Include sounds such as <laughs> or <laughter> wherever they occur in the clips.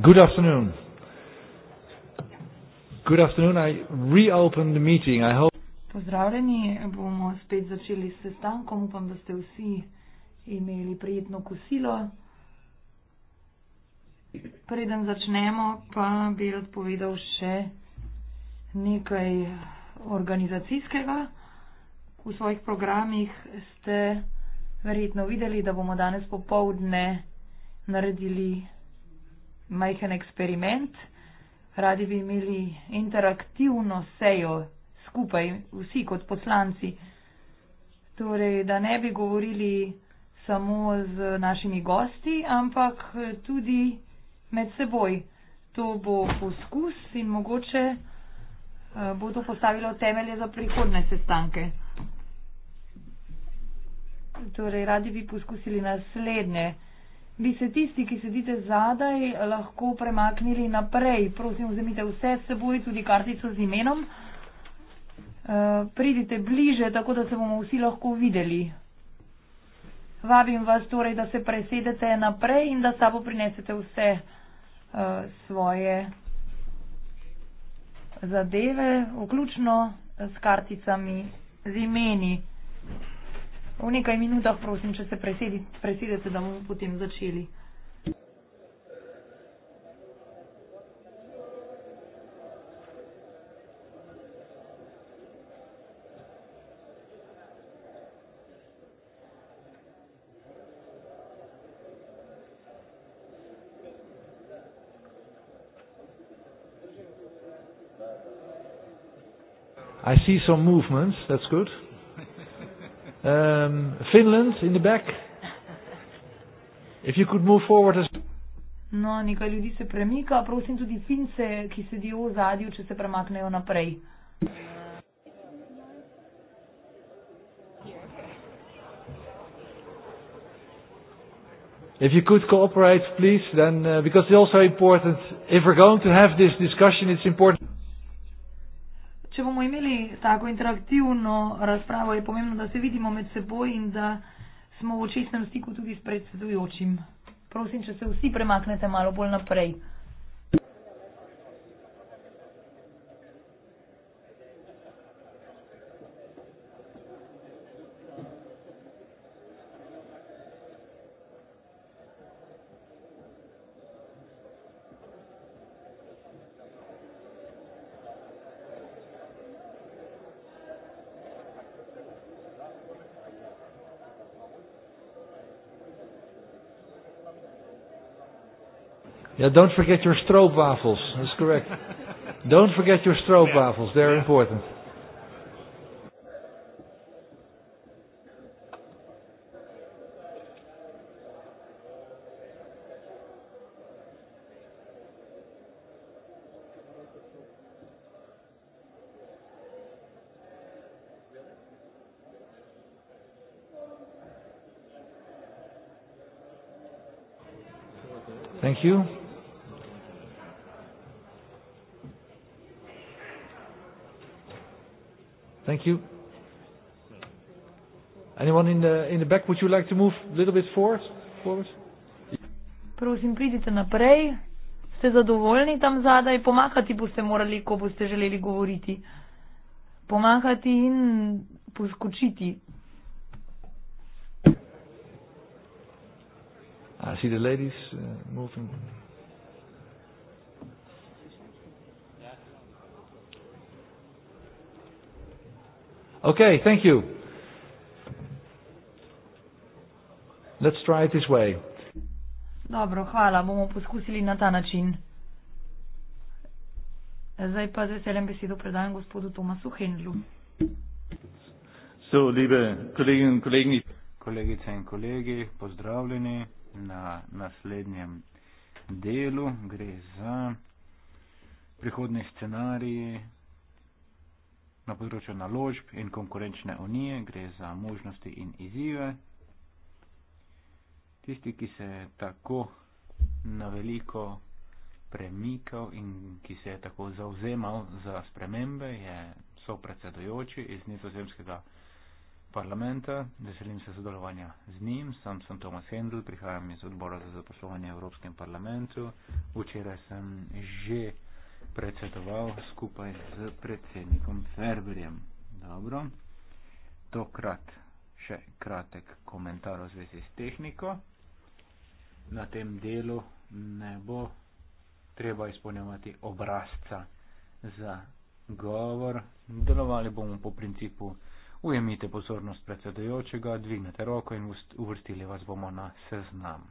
Good afternoon. Good afternoon. I reopen the meeting. I hope. Pozdravljeni, bomo spet začeli s sestankom. Upam, da ste vsi imeli prijetno kosilo. Preden začnemo, pa bi rad povedal še nekaj organizacijskega. V svojih programih ste verjetno videli, da bomo danes popovdne naredili majhen eksperiment. Radi bi imeli interaktivno sejo skupaj, vsi kot poslanci. Torej, da ne bi govorili samo z našimi gosti, ampak tudi med seboj. To bo poskus in mogoče eh, bo to postavilo temelje za prihodne sestanke. Torej, radi bi poskusili naslednje bi se tisti, ki sedite zadaj, lahko premaknili naprej. Prosim, vzemite vse s seboj, tudi kartico z imenom. Eh, pridite bliže, tako da se bomo vsi lahko videli. Vabim vas torej, da se presedete naprej in da sabo prinesete vse eh, svoje zadeve, vključno s karticami z imeni. V nekaj minutah prosim, če se presedete, da bomo potem začeli. I see some movements, that's good. Um, Finland in the back. If you could move forward as No, nekaj ljudi se premika, prosim tudi Finse, ki sedijo v zadju, če se premaknejo naprej. If you could cooperate, please, then, uh, because it's also important, if we're going to have this discussion, it's important tako interaktivno razpravo, je pomembno, da se vidimo med seboj in da smo v očesnem stiku tudi s predsedujočim. Prosim, če se vsi premaknete malo bolj naprej. Yeah, ja, don't forget your stroopwafels. That's correct. <laughs> don't forget your stroopwafels. They're yeah. important. you like to move a little bit forward? forward? Prosim, pridite naprej. Ste zadovoljni tam zadaj? Pomahati boste morali, ko boste želeli govoriti. Pomahati in poskočiti. I see the ladies uh, moving. Okay, thank you. Let's try it this way. Dobro, hvala, bomo poskusili na ta način. Zdaj pa z veseljem besedo predajam gospodu Tomasu Hendlu. So, liebe kolegin in kolegni. Kolegice in kolegi, pozdravljeni na naslednjem delu. Gre za prihodne scenarije na področju naložb in konkurenčne unije. Gre za možnosti in izive tisti, ki se je tako na veliko premikal in ki se je tako zauzemal za spremembe, je sopredsedujoči iz nizozemskega parlamenta. Veselim se sodelovanja z njim. Sam sem Tomas Hendl, prihajam iz odbora za zaposlovanje v Evropskem parlamentu. Včeraj sem že predsedoval skupaj z predsednikom Ferberjem. Dobro. Tokrat še kratek komentar v zvezi s tehniko na tem delu ne bo treba izpolnjevati obrazca za govor. Delovali bomo po principu ujemite pozornost predsedojočega, dvignete roko in uvrstili vas bomo na seznam.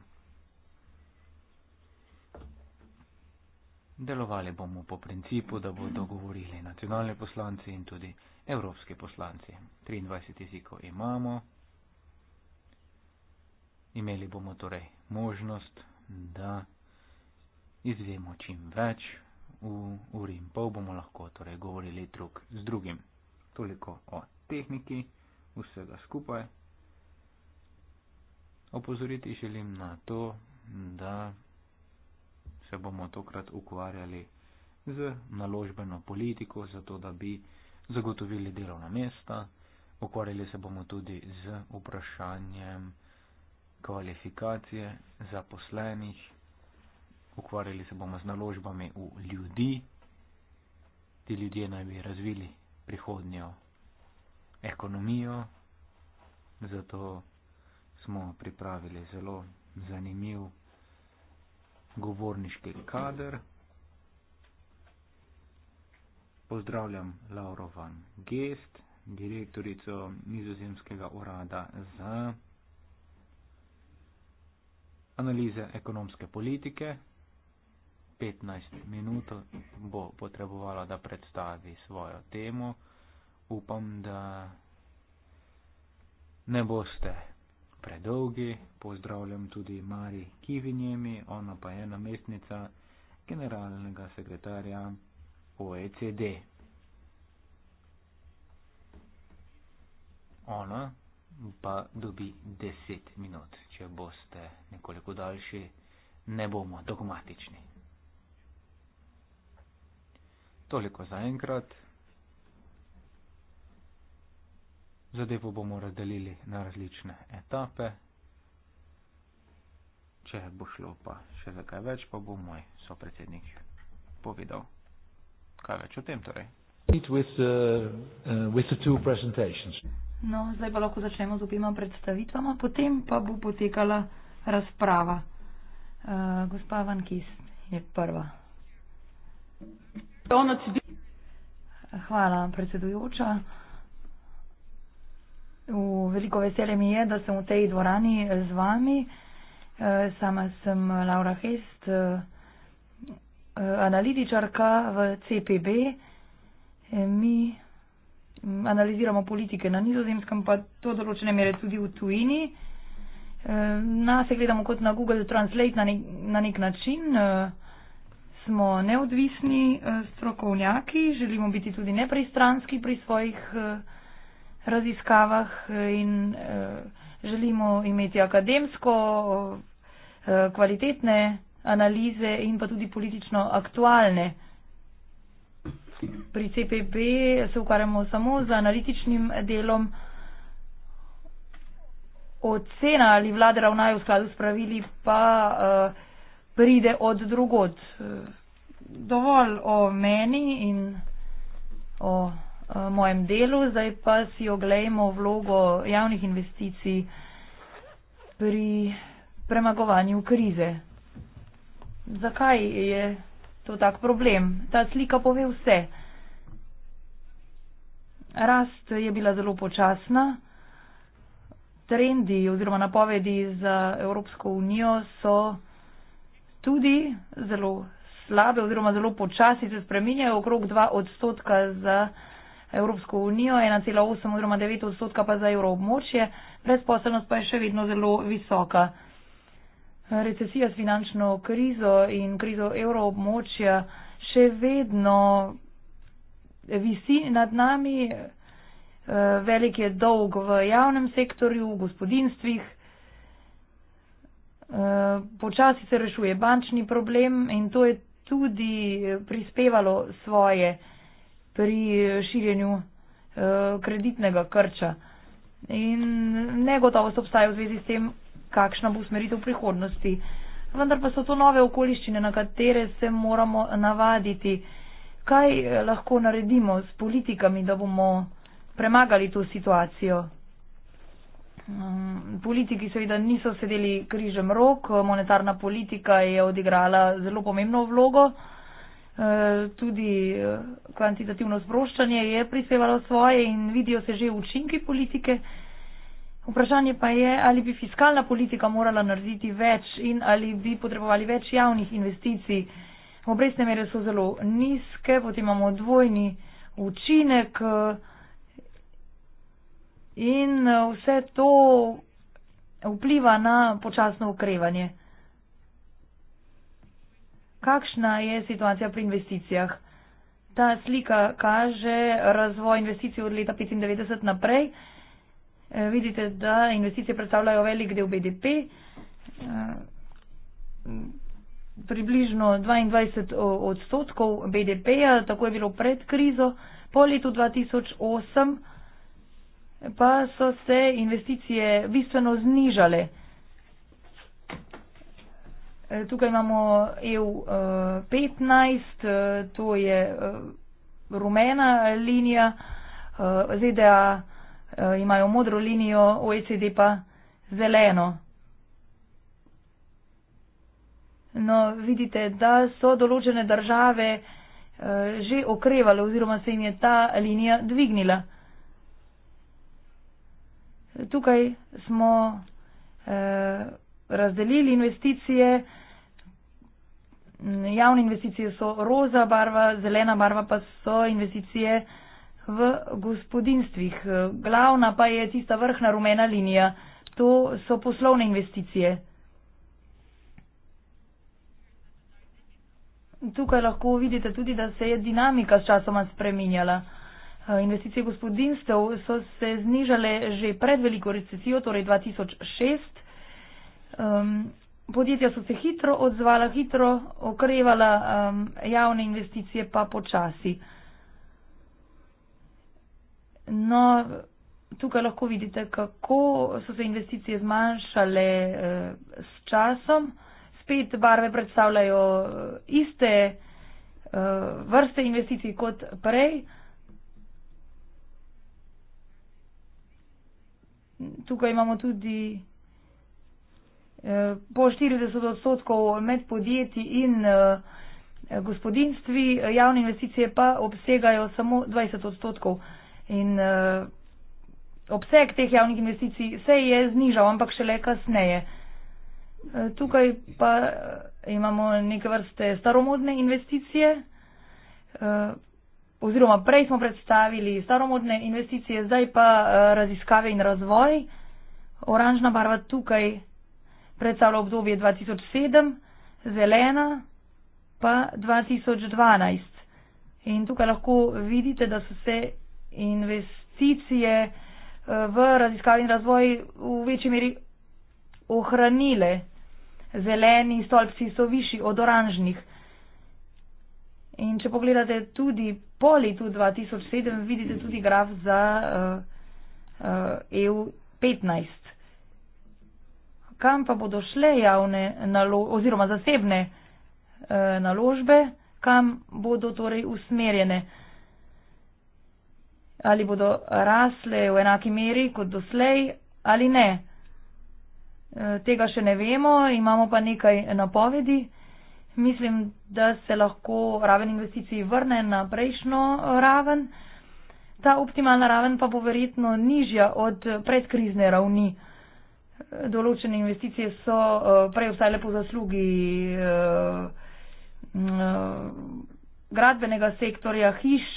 Delovali bomo po principu, da bodo govorili nacionalni poslanci in tudi evropski poslanci. 23 jezikov imamo, Imeli bomo torej možnost, da izvemo čim več, v uri in pol bomo lahko torej govorili drug z drugim. Toliko o tehniki vsega skupaj. Opozoriti želim na to, da se bomo tokrat ukvarjali z naložbeno politiko, zato da bi zagotovili delovna mesta. Ukvarjali se bomo tudi z vprašanjem, kvalifikacije zaposlenih, ukvarjali se bomo z naložbami v ljudi, ti ljudje naj bi razvili prihodnjo ekonomijo, zato smo pripravili zelo zanimiv govorniški kader. Pozdravljam Laurovan Gest, direktorico nizozemskega urada za analize ekonomske politike. 15 minut bo potrebovala, da predstavi svojo temo. Upam, da ne boste predolgi. Pozdravljam tudi Mari Kivinjemi, ona pa je namestnica generalnega sekretarja OECD. Ona pa dobi 10 minut če boste nekoliko daljši, ne bomo dogmatični. Toliko za enkrat. Zadevo bomo razdelili na različne etape. Če bo šlo pa še za kaj več, pa bo moj sopredsednik povedal kaj več o tem. Torej. With, uh, uh, with No, zdaj pa lahko začnemo z obima predstavitvama, potem pa bo potekala razprava. Uh, gospa Van Kis je prva. Hvala, predsedujoča. V veliko veselje mi je, da sem v tej dvorani eh, z vami. Eh, sama sem Laura Hest, analitičarka v CPB. Mi analiziramo politike na nizozemskem, pa to določene mere tudi v tujini. Eh, na se gledamo kot na Google Translate na nek, na nek način. Eh, smo neodvisni eh, strokovnjaki, želimo biti tudi nepristranski pri svojih raziskavah in želimo imeti akademsko kvalitetne analize in pa tudi politično aktualne. Pri CPB se ukvarjamo samo z analitičnim delom. Ocena ali vlade ravnajo v skladu s pravili pa uh, pride od drugod. Eh, dovolj o meni in o uh, mojem delu, zdaj pa si oglejmo vlogo javnih investicij pri premagovanju krize. Zakaj je To je tak problem. Ta slika pove vse. Rast je bila zelo počasna. Trendi oziroma napovedi za Evropsko unijo so tudi zelo slabe oziroma zelo počasi se spreminjajo. Okrog 2 odstotka za Evropsko unijo, 1,8 oziroma 9 odstotka pa za evroobmočje. Predsposobnost pa je še vedno zelo visoka recesija s finančno krizo in krizo evroobmočja še vedno visi nad nami. Velik je dolg v javnem sektorju, v gospodinstvih. Počasi se rešuje bančni problem in to je tudi prispevalo svoje pri širjenju eh, kreditnega krča. In negotovost obstaja v zvezi s tem, kakšna bo usmeritev prihodnosti. Vendar pa so to nove okoliščine, na katere se moramo navaditi. Kaj eh, lahko naredimo s politikami, da bomo premagali to situacijo? Mm, politiki seveda niso sedeli križem rok, monetarna politika je odigrala zelo pomembno vlogo, eh, tudi eh, kvantitativno sproščanje je prispevalo svoje in vidijo se že učinki politike. Vprašanje pa je, ali bi fiskalna politika morala narediti več in ali bi potrebovali več javnih investicij. Obrestne mere so zelo nizke, potem imamo dvojni učinek eh, in eh, vse to vpliva na počasno ukrevanje. Kakšna je situacija pri investicijah? Ta slika kaže razvoj investicij od leta 1995 naprej. Eh, vidite, da investicije predstavljajo velik del BDP. Eh, približno 22 odstotkov BDP-ja, tako je bilo pred krizo. Po letu 2008 pa so se investicije bistveno znižale. Eh, tukaj imamo EU15, to je rumena linija, ZDA Eh, imajo modro linijo, OECD pa zeleno. No, vidite, da so določene države eh, že okrevalo oziroma se jim je ta linija dvignila. Tukaj smo eh, razdelili investicije. Javne investicije so roza barva, zelena barva pa so investicije eh, v gospodinstvih. Glavna pa je tista vrhna rumena linija. To so poslovne investicije. Tukaj lahko vidite tudi, da se je dinamika s časoma spreminjala. Eh, investicije gospodinstv so se znižale že pred veliko recesijo, torej 2006. Um, podjetja so se hitro odzvala, hitro okrevala, um, javne investicije pa počasi. No, tukaj lahko vidite, kako so se investicije zmanjšale eh, s časom. Spet barve predstavljajo eh, iste eh, vrste investicij kot prej. Tukaj imamo tudi po 40 odstotkov med podjetji in gospodinstvi, javne investicije pa obsegajo samo 20 odstotkov. In uh, obseg teh javnih investicij se je znižal, ampak šele kasneje. Eh, tukaj pa eh, imamo neke vrste staromodne investicije, oziroma prej smo predstavili staromodne investicije, zdaj pa raziskave in razvoj. Oranžna barva tukaj predstavlja obdobje 2007, zelena pa 2012. In tukaj lahko vidite, da so se investicije eh, v raziskav in razvoj v večji meri ohranile. Zeleni stolpci so višji od oranžnih. In če pogledate tudi po letu 2007, vidite tudi graf za uh, uh, EU 15. Kam pa bodo šle javne nalo oziroma zasebne uh, naložbe, kam bodo torej usmerjene? Uh, ali bodo rasle v enaki meri kot doslej ali ne. E, tega še ne vemo, imamo pa nekaj napovedi. Mislim, da se lahko raven investicij vrne na prejšnjo raven. Ta optimalna raven pa bo verjetno nižja od predkrizne ravni. Določene investicije so e, prej vstajale po zaslugi e, gradbenega sektorja, hiš,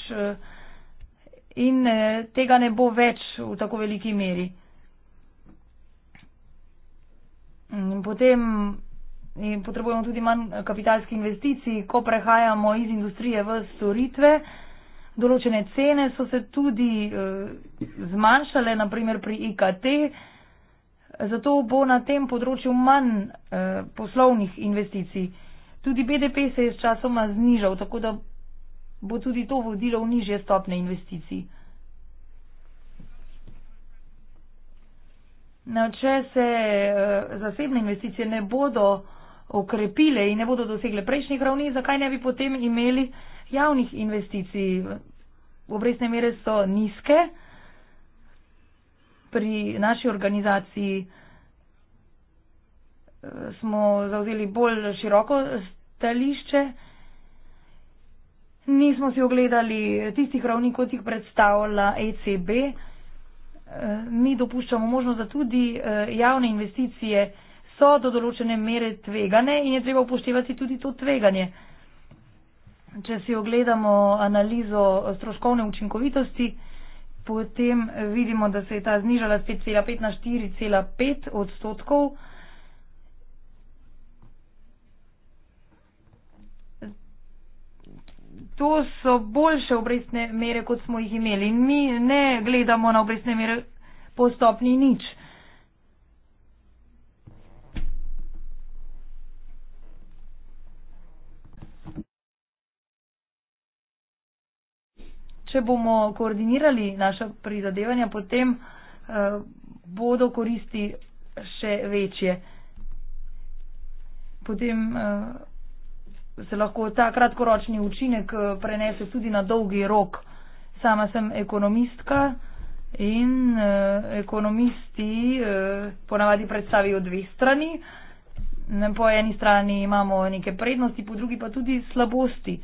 in eh, tega ne bo več v tako veliki meri. In potem in potrebujemo tudi manj kapitalskih investicij, ko prehajamo iz industrije v storitve. Določene cene so se tudi e, zmanjšale, naprimer pri IKT, zato bo na tem področju manj e, poslovnih investicij. Tudi BDP se je s časoma znižal, tako da bo tudi to vodilo v nižje stopne investicij. No, če se eh, zasebne investicije ne bodo okrepile in ne bodo dosegle prejšnjih ravni, zakaj ne bi potem imeli javnih investicij? Obrestne mere so nizke pri naši organizaciji eh, smo zauzeli bolj široko stališče nismo si ogledali tistih ravni, kot jih predstavlja ECB. Eh, mi dopuščamo možnost, da tudi eh, javne investicije so do določene mere tvegane in je treba upoštevati tudi to tveganje. Če si ogledamo analizo stroškovne učinkovitosti, potem vidimo, da se je ta znižala z 5,5 na 4,5 odstotkov. to so boljše obrestne mere, kot smo jih imeli. In mi ne gledamo na obrestne mere po stopni nič. Če bomo koordinirali naša prizadevanja, potem uh, bodo koristi še večje. Potem uh, se lahko ta kratkoročni učinek eh, prenese tudi na dolgi rok. Sama sem ekonomistka in eh, ekonomisti eh, ponavadi predstavijo dve strani. Po eni strani imamo neke prednosti, po drugi pa tudi slabosti.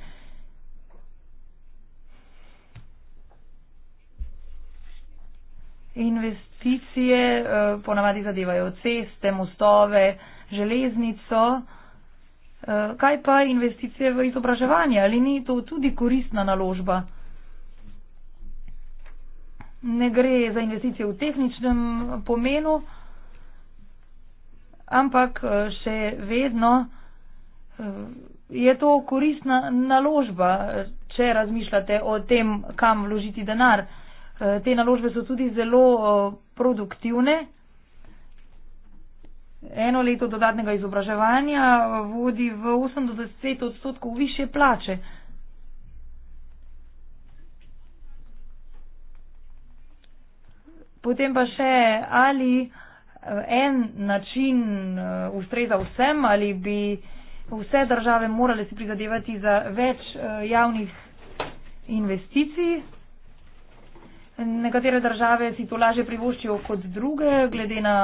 Investicije eh, ponavadi zadevajo ceste, mostove, železnico. Eh, kaj pa investicije v izobraževanje? Ali ni to tudi koristna naložba? Ne gre za investicije v tehničnem pomenu, ampak eh, še vedno eh, je to koristna naložba, če razmišljate o tem, kam vložiti denar. Te naložbe so tudi zelo produktivne eno leto dodatnega izobraževanja vodi v 80 odstotkov više plače. Potem pa še, ali eh, en način eh, ustreza vsem, ali bi vse države morale si prizadevati za več eh, javnih investicij. Nekatere države si to laže privoščijo kot druge, glede na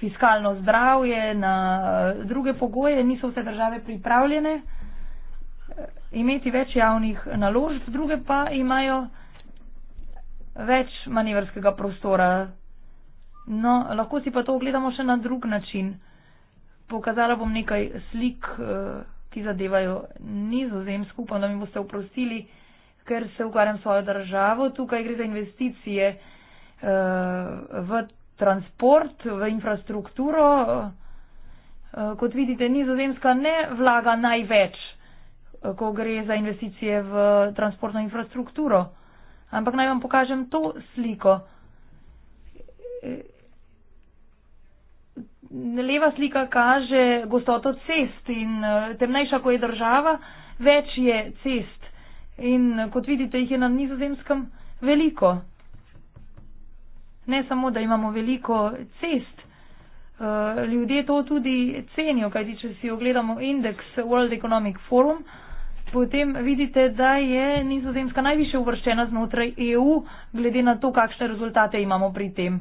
fiskalno zdravje, na eh, druge pogoje, niso vse države pripravljene eh, imeti več javnih naložb, druge pa imajo več manevrskega prostora. No, lahko si pa to ogledamo še na drug način. Pokazala bom nekaj slik, eh, ki zadevajo nizozemsko, upam, da mi boste oprostili, ker se ukvarjam svojo državo. Tukaj gre za investicije v transport, v infrastrukturo. Eh, kot vidite, nizozemska ne vlaga največ, eh, ko gre za investicije v transportno infrastrukturo. Ampak naj vam pokažem to sliko. Eh, leva slika kaže gostoto cest in temnejša, ko je država, več je cest. In kot vidite, jih je na nizozemskem veliko. Ne samo, da imamo veliko cest, eh, ljudje to tudi cenijo, kajti če si ogledamo indeks World Economic Forum, potem vidite, da je nizozemska najviše uvrščena znotraj EU, glede na to, kakšne rezultate imamo pri tem.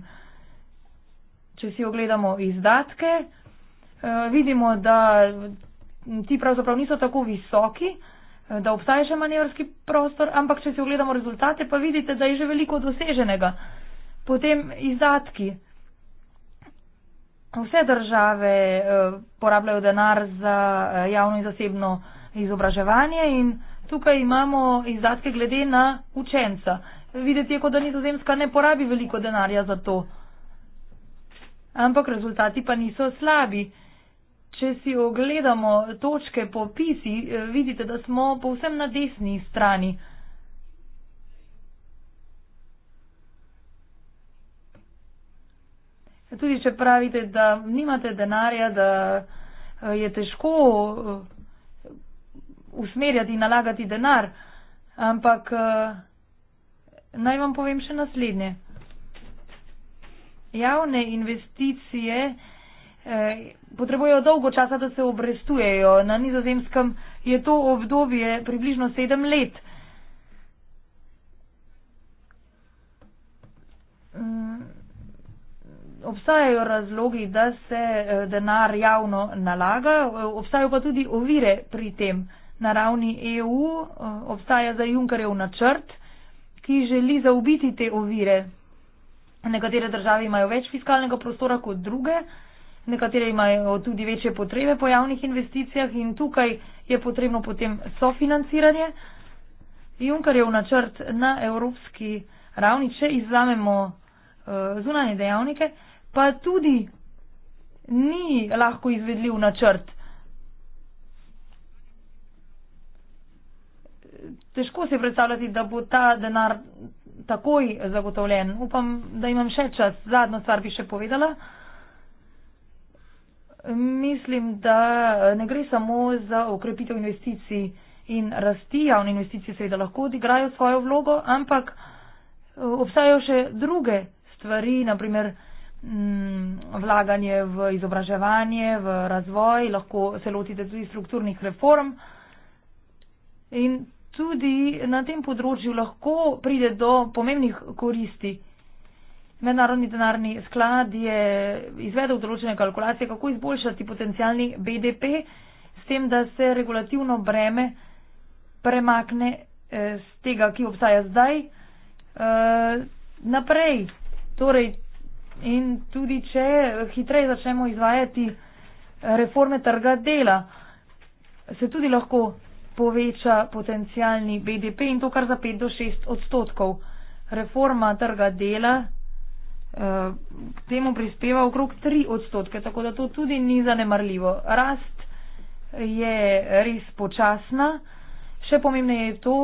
Če si ogledamo izdatke, eh, vidimo, da ti pravzaprav niso tako visoki, eh, da obstaja še manevrski prostor, ampak če si ogledamo rezultate, pa vidite, da je že veliko doseženega. Potem izdatki. Vse države eh, porabljajo denar za eh, javno in zasebno izobraževanje in tukaj imamo izdatke glede na učenca. Videti je, kot da nizozemska ne porabi veliko denarja za to. Ampak rezultati pa niso slabi. Če si ogledamo točke po pisi, eh, vidite, da smo povsem na desni strani. Tudi če pravite, da nimate denarja, da eh, je težko eh, usmerjati in nalagati denar, ampak eh, naj vam povem še naslednje. Javne investicije eh, potrebujejo dolgo časa, da se obrestujejo. Na nizozemskem je to obdobje približno sedem let. Eh, obstajajo razlogi, da se eh, denar javno nalaga, eh, obstajajo pa tudi ovire pri tem. Na ravni EU eh, obstaja za Junkarjev načrt, ki želi zaubiti te ovire. Nekatere države imajo več fiskalnega prostora kot druge, nekatere imajo tudi večje potrebe po javnih investicijah in tukaj je potrebno potem sofinanciranje. Junkarjev načrt na evropski ravni, če izzamemo zunanje dejavnike, pa tudi ni lahko izvedljiv načrt. Težko si predstavljati, da bo ta denar takoj zagotovljen. Upam, da imam še čas. Zadnjo stvar bi še povedala. Mislim, da ne gre samo za okrepitev investicij in rasti, javne investicije seveda lahko odigrajo svojo vlogo, ampak eh, obstajajo še druge stvari, naprimer Mm, vlaganje v izobraževanje, v razvoj, lahko se lotite tudi strukturnih reform. In tudi na tem področju lahko pride do pomembnih koristi. Mednarodni denarni sklad je izvedel določene kalkulacije, kako izboljšati potencijalni BDP s tem, da se regulativno breme premakne z eh, tega, ki obstaja zdaj, eh, naprej. Torej, in tudi če hitreje začnemo izvajati reforme trga dela, se tudi lahko poveča potencijalni BDP in to kar za 5 do 6 odstotkov. Reforma trga dela eh, k temu prispeva okrog 3 odstotke, tako da to tudi ni zanemarljivo. Rast je res počasna. Še pomembneje je to,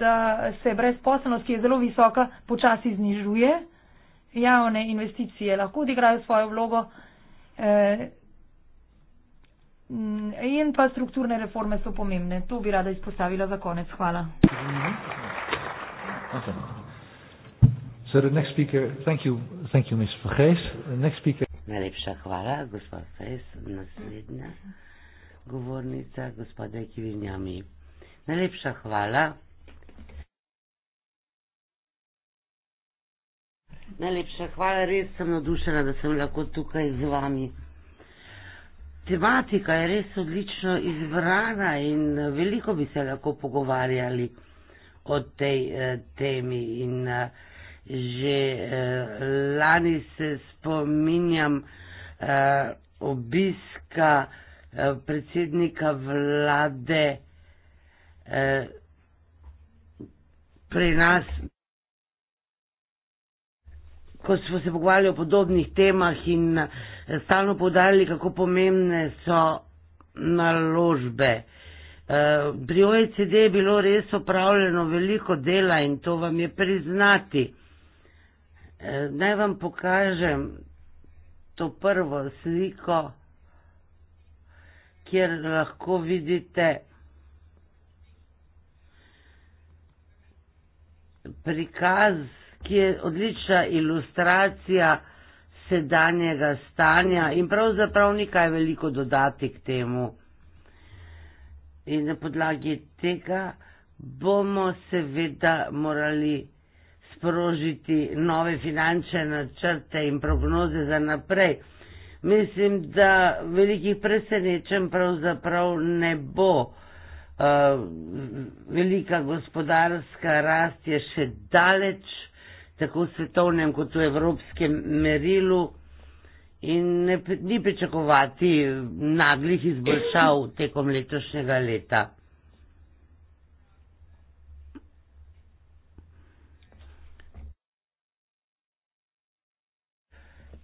da se brezposobnost, ki je zelo visoka, počasi znižuje javne investicije lahko odigrajo svojo vlogo eh, in pa strukturne reforme so pomembne. To bi rada izpostavila za konec. Hvala. Najlepša hvala, gospod Fejs. Naslednja govornica, gospod Dekivinjami. Najlepša hvala. Najlepša hvala, res sem nadušena, da sem lahko tukaj z vami. Tematika je res odlično izbrana in eh, veliko bi se lahko pogovarjali o tej eh, temi. In, eh, že eh, lani se spominjam eh, obiska eh, predsednika vlade eh, pri nas ko smo se pogovarjali o podobnih temah in eh, stalno povdarjali, kako pomembne so naložbe. Eh, pri OECD je bilo res opravljeno veliko dela in to vam je priznati. Eh, naj vam pokažem to prvo sliko, kjer lahko vidite prikaz ki je odlična ilustracija sedanjega stanja in pravzaprav ni kaj veliko dodati k temu. In na podlagi tega bomo seveda morali sprožiti nove finančne načrte in prognoze za naprej. Mislim, da velikih presenečen pravzaprav ne bo. Eh, velika gospodarska rast je še daleč tako v svetovnem kot v evropskem merilu in ne, ni pričakovati naglih izboljšav tekom letošnjega leta.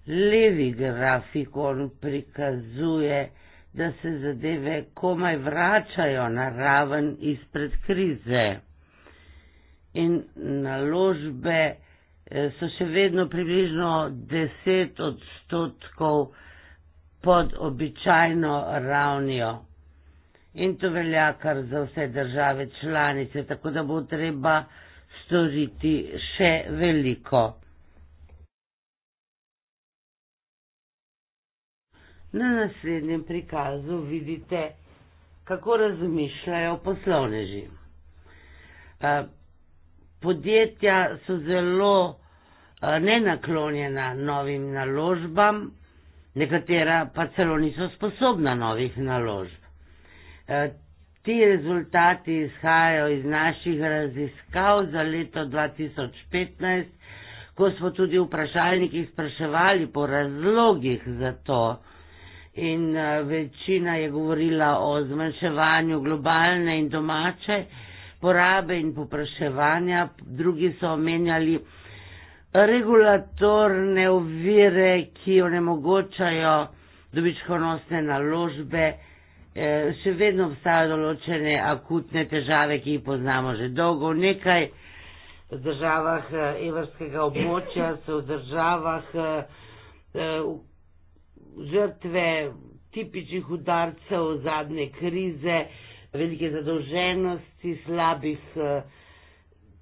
Levi grafikon prikazuje, da se zadeve komaj vračajo na raven izpred krize in naložbe, so še vedno približno 10 odstotkov pod običajno ravnjo. In to velja kar za vse države članice, tako da bo treba storiti še veliko. Na naslednjem prikazu vidite, kako razmišljajo poslovneži. Eh, podjetja so zelo Eh, nenaklonjena novim naložbam, nekatera pa celo niso sposobna novih naložb. Eh, ti rezultati izhajajo iz naših raziskav za leto 2015, ko smo tudi v vprašalnikih spraševali po razlogih za to. In eh, večina je govorila o zmanjševanju globalne in domače porabe in popraševanja, drugi so omenjali, regulatorne ovire, ki onemogočajo dobičkonosne naložbe, eh, še vedno obstajajo določene akutne težave, ki jih poznamo že dolgo. V nekaj državah eh, evrskega območja so v državah eh, žrtve tipičnih udarcev zadnje krize, velike zadolženosti, slabih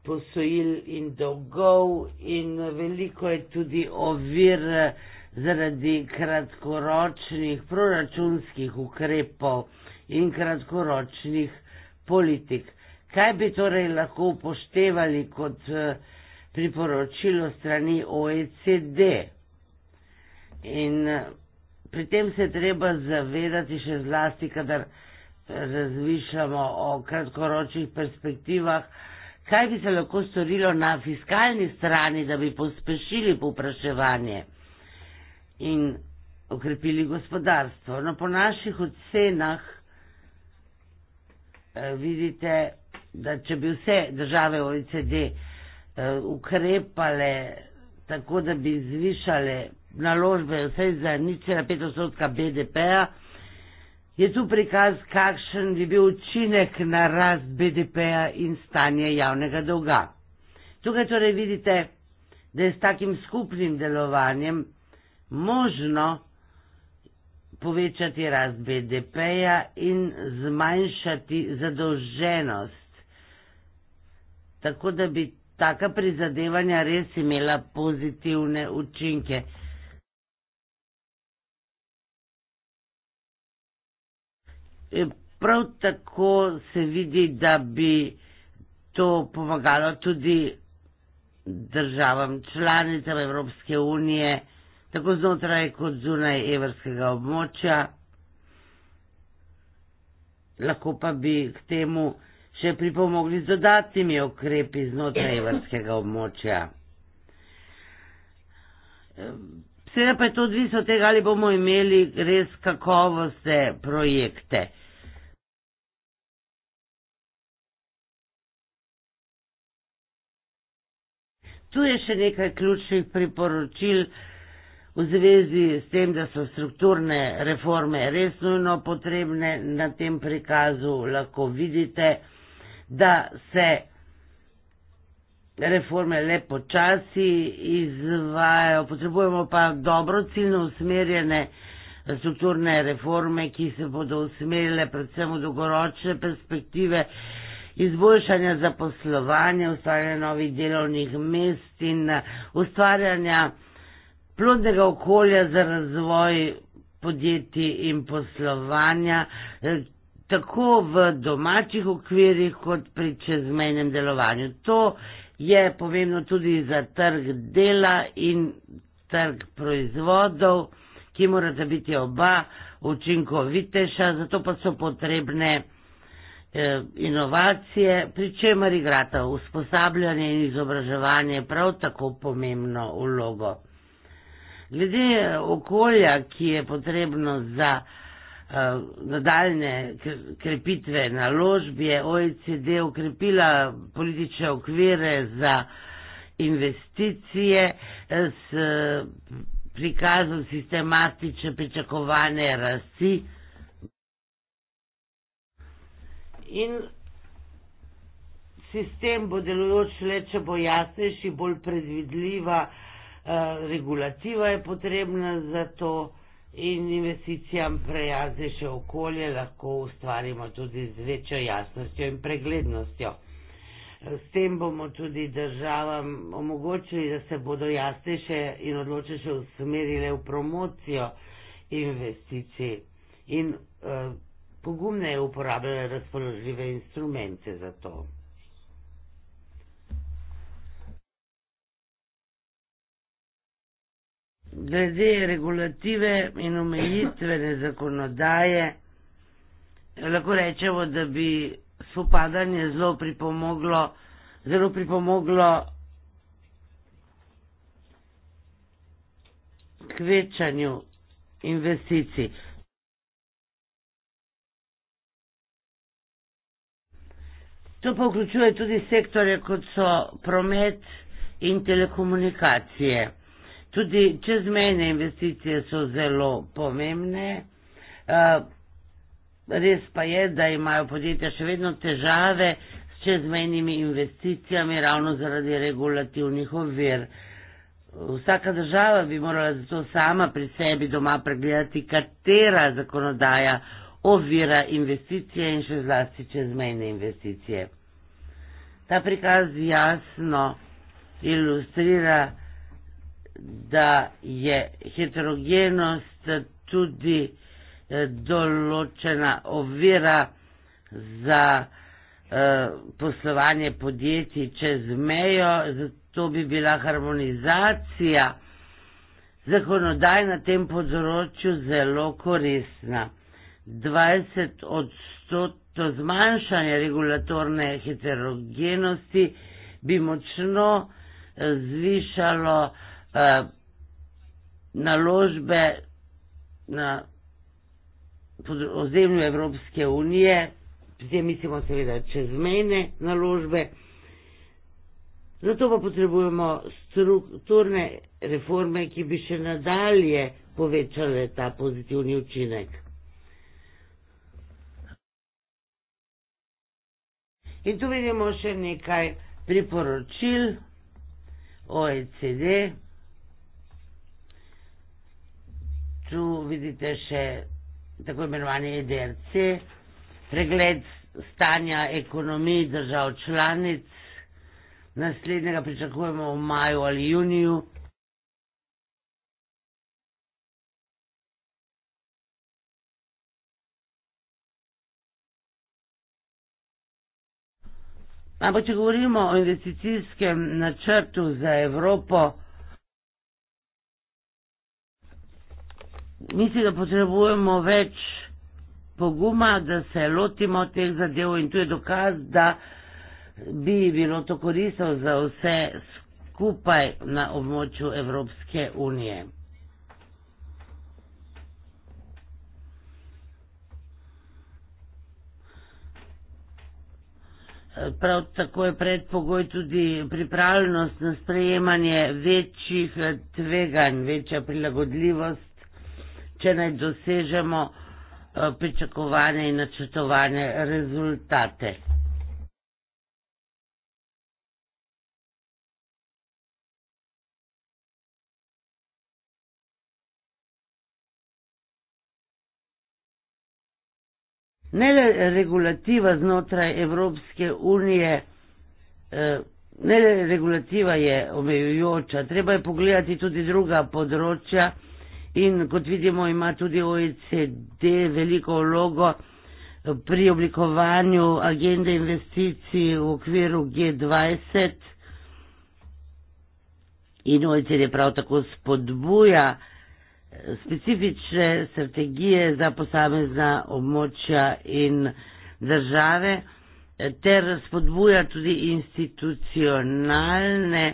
posojil in dolgov, in veliko je tudi ovir eh, zaradi kratkoročnih proračunskih ukrepov in kratkoročnih politik. Kaj bi torej lahko upoštevali kot eh, priporočilo strani OECD? In eh, pri tem se treba zavedati še zlasti, kadar razmišljamo o kratkoročnih perspektivah, kaj bi se lahko storilo na fiskalni strani, da bi pospešili popraševanje in okrepili gospodarstvo. No, po naših ocenah eh, vidite, da če bi vse države OECD eh, ukrepale tako, da bi zvišale naložbe vsaj za nič 5 odstotka BDP-a, je tu prikaz, kakšen bi bil učinek na rast BDP-ja in stanje javnega dolga. Tukaj torej vidite, da je s takim skupnim delovanjem možno povečati rast BDP-ja in zmanjšati zadolženost. Tako da bi taka prizadevanja res imela pozitivne učinke. Eh, prav tako se vidi, da bi to pomagalo tudi državam članicam Evropske unije, tako znotraj kot zunaj evrskega območja. Lahko pa bi k temu še pripomogli z dodatnimi okrepi znotraj evrskega območja. Seveda pa je to odvisno od tega, ali bomo imeli res kakovoste projekte. Tu je še nekaj ključnih priporočil v zvezi s tem, da so strukturne reforme res nujno potrebne. Na tem prikazu lahko vidite, da se reforme le počasi izvajajo, potrebujemo pa dobro ciljno usmerjene strukturne reforme, ki se bodo usmerile predvsem v dolgoročne perspektive izboljšanja zaposlovanja, ustvarjanja novih delovnih mest in eh, ustvarjanja plodnega okolja za razvoj podjetij in poslovanja, eh, tako v domačih okvirih kot pri čezmejnem delovanju. To je pomembno tudi za trg dela in trg proizvodov, ki morata biti oba učinkovitejša, zato pa so potrebne Eh, inovacije, pri čemer igrata usposabljanje in izobraževanje prav tako pomembno vlogo. Glede okolja, ki je potrebno za eh, nadaljne krepitve naložb, je OECD ukrepila politične okvire za investicije eh, s prikazom sistematične pričakovane rasti in sistem bo delujoč le, če bo jasnejši, bolj predvidljiva eh, regulativa je potrebna za to in investicijam prejaznejše okolje lahko ustvarimo tudi z večjo jasnostjo in preglednostjo. Eh, s tem bomo tudi državam omogočili, da se bodo jasnejše in odločnejše usmerile v promocijo investicij in uh, pogumneje uporabljale razpoložljive instrumente za to. Glede regulative in omejitvene zakonodaje, lahko rečemo, da bi spopadanje zelo pripomoglo, zelo pripomoglo k večanju investicij. To pa vključuje tudi sektore, kot so promet in telekomunikacije. Tudi čezmejne investicije so zelo pomembne. Eh, res pa je, da imajo podjetja še vedno težave s čezmejnimi investicijami ravno zaradi regulativnih ovir. Vsaka država bi morala zato sama pri sebi doma pregledati, katera zakonodaja ovira investicije in še zlasti čezmejne investicije. Ta prikaz jasno ilustrira, da je heterogenost tudi eh, določena ovira za eh, poslovanje podjetij čez mejo, zato bi bila harmonizacija zakonodaj na tem področju zelo korisna. 20 odstotkov zmanjšanje regulatorne heterogenosti bi močno eh, zvišalo eh, naložbe na ozemlju Evropske unije, zdaj mislimo seveda čezmejne naložbe, zato pa potrebujemo strukturne reforme, ki bi še nadalje povečale ta pozitivni učinek. In tu vidimo še nekaj priporočil OECD. Tu vidite še tako imenovani EDRC, pregled stanja ekonomij držav članic. Naslednjega pričakujemo v maju ali juniju. Ampak če govorimo o investicijskem načrtu za Evropo, mislim, da potrebujemo več poguma, da se lotimo teh zadev in tu je dokaz, da bi bilo to koristno za vse skupaj na območju Evropske unije. prav tako je predpogoj tudi pripravljenost na sprejemanje večjih eh, tveganj, večja prilagodljivost, če naj dosežemo eh, pričakovane in načrtovane rezultate. ne le regulativa znotraj Evropske unije, eh, ne le regulativa je omejujoča, treba je pogledati tudi druga področja in kot vidimo ima tudi OECD veliko vlogo pri oblikovanju agende investicij v okviru G20 in OECD prav tako spodbuja specifične strategije za posamezna območja in države, ter spodbuja tudi institucionalne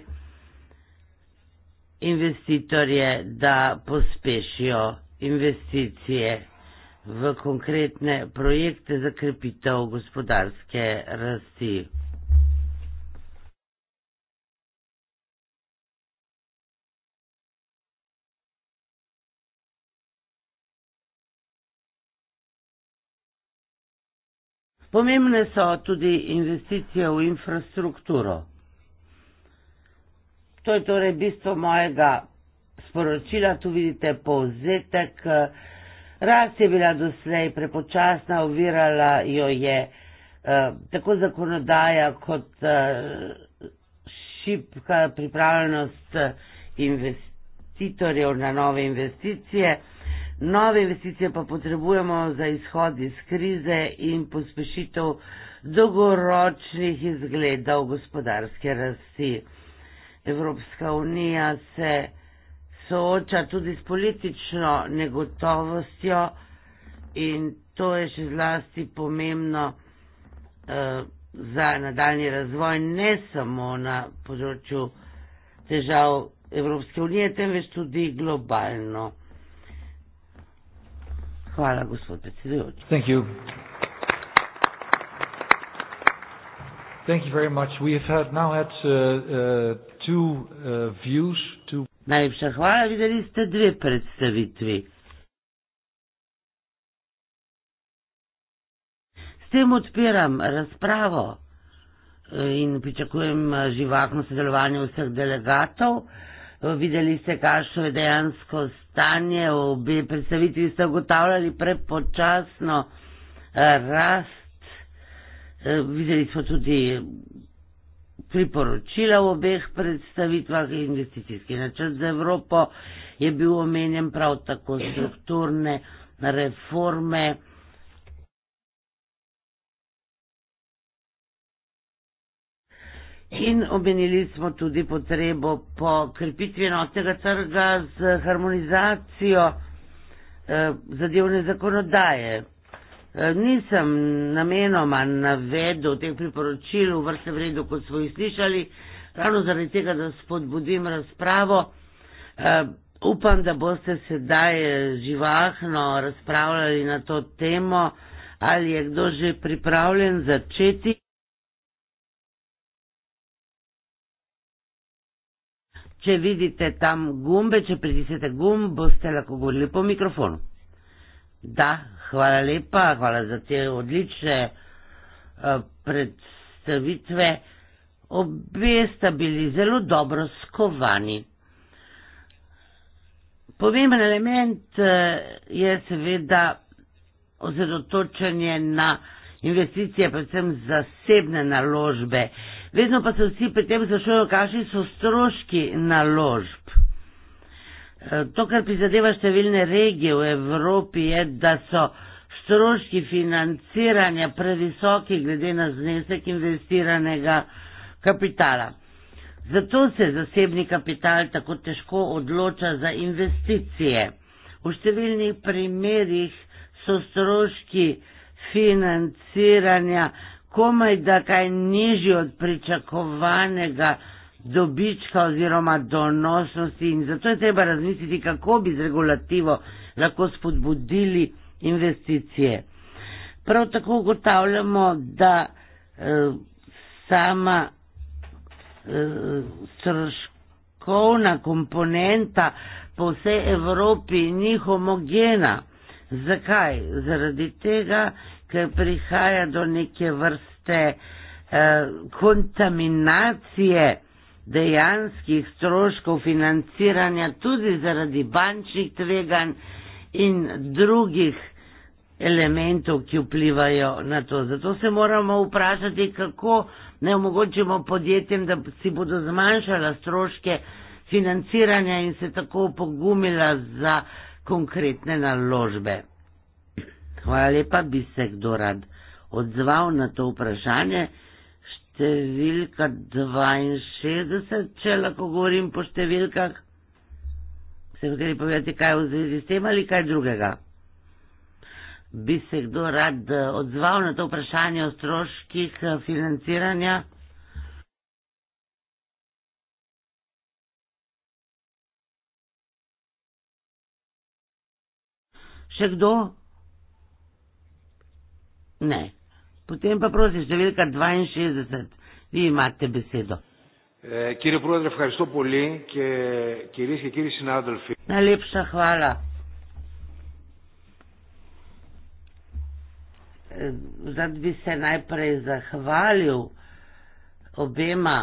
investitorje, da pospešijo investicije v konkretne projekte za krepitev gospodarske rasti. Pomembne so tudi investicije v infrastrukturo. To je torej bistvo mojega sporočila, tu vidite povzetek. Rast je bila doslej prepočasna, ovirala jo je eh, tako zakonodaja kot eh, šipka pripravljenost eh, investitorjev na nove investicije. Nove investicije pa potrebujemo za izhod iz krize in pospešitev dolgoročnih izgledov gospodarske rasti. Evropska unija se sooča tudi s politično negotovostjo in to je še zlasti pomembno eh, za nadaljni razvoj, ne samo na področju težav Evropske unije, temveč tudi globalno. Hvala, gospod predsedujoči. Thank you. Thank you very much. We have had, now had uh, uh, two uh, views. Two Najlepša hvala, videli ste dve predstavitvi. S tem odpiram razpravo eh, in pričakujem eh, živahno sodelovanje vseh delegatov. Videli ste, kakšno je dejansko stanje. V obi predstavitvi ste ugotavljali prepočasno eh, rast. Eh, videli smo tudi priporočila v obeh predstavitvah. Investicijski načrt za Evropo je bil omenjen prav tako strukturne reforme. In omenili smo tudi potrebo po krepitvi enotnega trga z harmonizacijo eh, zadevne zakonodaje. Eh, nisem namenoma navedel teh priporočil v vrstnem redu, kot smo jih slišali, ravno zaradi tega, da spodbudim razpravo. Eh, upam, da boste sedaj živahno razpravljali na to temo, ali je kdo že pripravljen začeti. Če vidite tam gumbe, če pritisnete gumb, boste lahko govorili po mikrofonu. Da, hvala lepa, hvala za te odlične uh, predstavitve. Obe sta bili zelo dobro skovani. Pomemben element uh, je seveda ozredotočanje na investicije, predvsem zasebne naložbe. Uh, Vedno pa se vsi pri tem sprašujejo, kakšni so stroški naložb. E, to, kar prizadeva številne regije v Evropi, je, da so stroški financiranja previsoki glede na znesek investiranega kapitala. Zato se zasebni kapital tako težko odloča za investicije. V številnih primerjih so stroški financiranja komaj da kaj nižji od pričakovanega dobička oziroma donosnosti in zato je treba razmisliti, kako bi z regulativo lahko spodbudili investicije. Prav tako ugotavljamo, da e, sama eh, stroškovna e, komponenta po vsej Evropi ni homogena. Zakaj? Zaradi tega, ker prihaja do neke vrste eh, kontaminacije dejanskih stroškov financiranja, tudi zaradi bančnih tvegan in drugih elementov, ki vplivajo na to. Zato se moramo vprašati, kako ne omogočimo podjetjem, da si bodo zmanjšala stroške financiranja in se tako pogumila za konkretne naložbe. Hvala lepa, bi se kdo rad odzval na to vprašanje. Številka 62, če lahko govorim po številkah. Se bi kaj povedati, kaj v zvezi s tem ali kaj drugega? Bi se kdo rad eh, odzval na to vprašanje o stroških eh, financiranja? še kdo? Ne. Potem pa prosim, številka 62, vi imate besedo. Eh, kjeri prodre, hvala poli, kjeri si, kjeri si na Adolfi. Najlepša hvala. Eh, zdaj bi se najprej zahvalil obema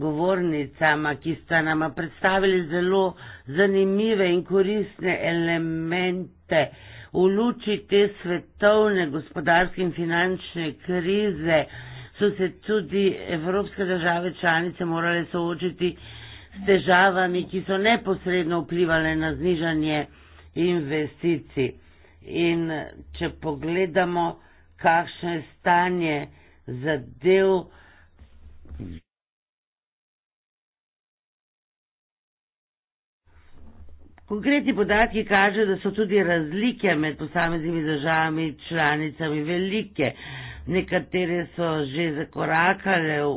govornicama, ki sta nam predstavili zelo zanimive in koristne elemente v luči te svetovne gospodarske in finančne krize. So se tudi evropske države članice morale soočiti s težavami, ki so neposredno vplivali na znižanje investicij. In če pogledamo, kakšno je stanje zadev. Konkretni podatki kažejo, da so tudi razlike med posameznimi državami članicami velike. Nekatere so že zakorakale v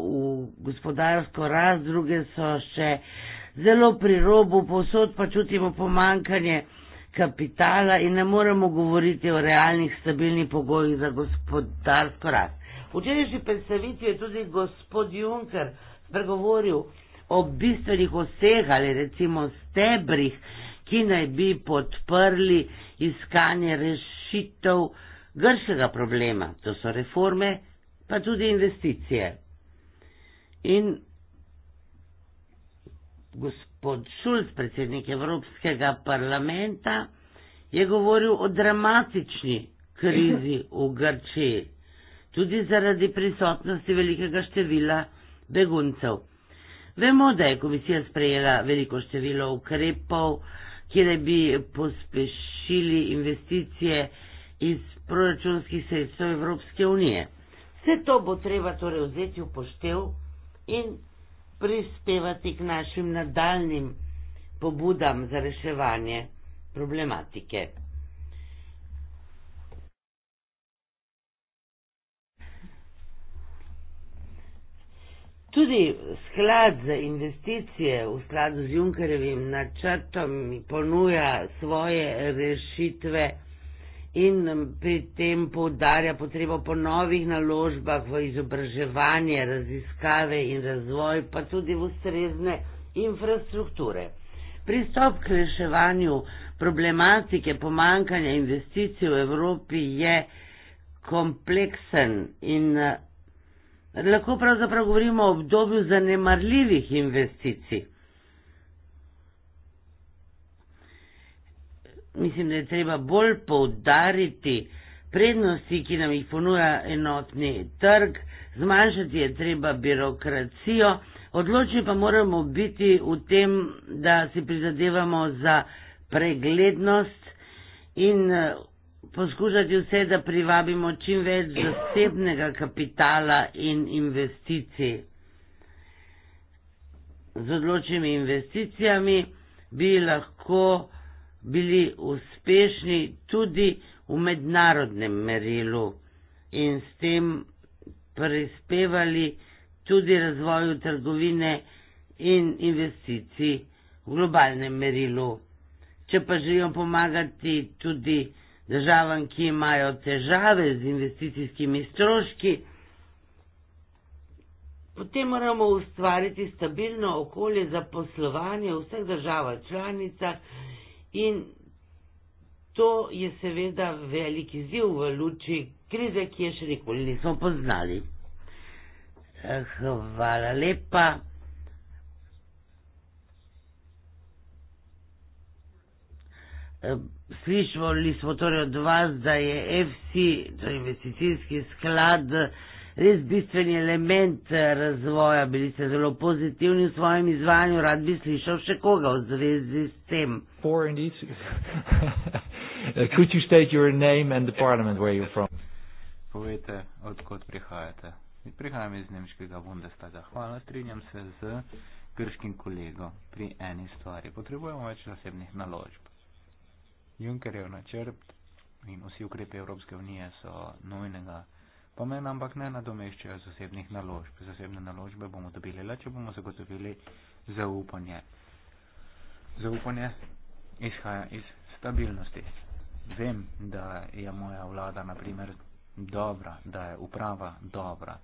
gospodarsko rast, druge so še zelo pri robu, posod pa čutimo pomankanje kapitala in ne moremo govoriti o realnih stabilnih pogojih za gospodarsko rast. V včerajšnji predstavitvi je tudi gospod Juncker spregovoril o bistvenih oseh ali recimo stebrih ki naj bi podprli iskanje rešitev grškega problema, to so reforme, pa tudi investicije. In gospod Šulc, predsednik Evropskega parlamenta, je govoril o dramatični krizi v Grčiji, tudi zaradi prisotnosti velikega števila beguncev. Vemo, da je komisija sprejela veliko število ukrepov, kjer bi pospešili investicije iz proračunskih sredstev Evropske unije. Vse to bo treba torej vzeti v poštev in prispevati k našim nadaljnim pobudam za reševanje problematike. Tudi sklad za investicije v skladu z Junkerjevim načrtom ponuja svoje rešitve in pri tem poudarja potrebo po novih naložbah v izobraževanje, raziskave in razvoj, pa tudi v ustrezne infrastrukture. Pristop k reševanju problematike pomankanja investicij v Evropi je kompleksen in lahko pravzaprav govorimo o obdobju zanemarljivih investicij. Mislim, da je treba bolj poudariti prednosti, ki nam jih ponuja enotni trg, zmanjšati je treba birokracijo, odločni pa moramo biti v tem, da si prizadevamo za preglednost in eh, poskušati vse, da privabimo čim več zasebnega kapitala in investicij. Z odločnimi investicijami bi lahko bili uspešni tudi v mednarodnem merilu in s tem prispevali tudi razvoju trgovine in investicij v globalnem merilu. Če pa želijo pomagati tudi državam, ki imajo težave z investicijskimi stroški, potem moramo ustvariti stabilno okolje za poslovanje v vseh državah članicah in to je seveda veliki ziv v luči krize, ki je še nikoli nismo poznali. Eh, hvala lepa. slišali smo torej od vas, da je FC, to torej je investicijski sklad, res bistveni element razvoja. Bili ste zelo pozitivni v svojem izvajanju, rad bi slišal še koga v zvezi s tem. <laughs> Povejte, odkot prihajate. Prihajam iz nemškega Bundestaga. Hvala, strinjam se z grškim kolego pri eni stvari. Potrebujemo več zasebnih naložb. Junckerjev načrt in vsi ukrepe Evropske unije so nujnega pomena, ampak ne nadomeščajo zasebnih naložb. Zasebne naložbe bomo dobili le, če bomo zagotovili zaupanje. Zaupanje izhaja iz stabilnosti. Vem, da je moja vlada, na primer, dobra, da je uprava dobra.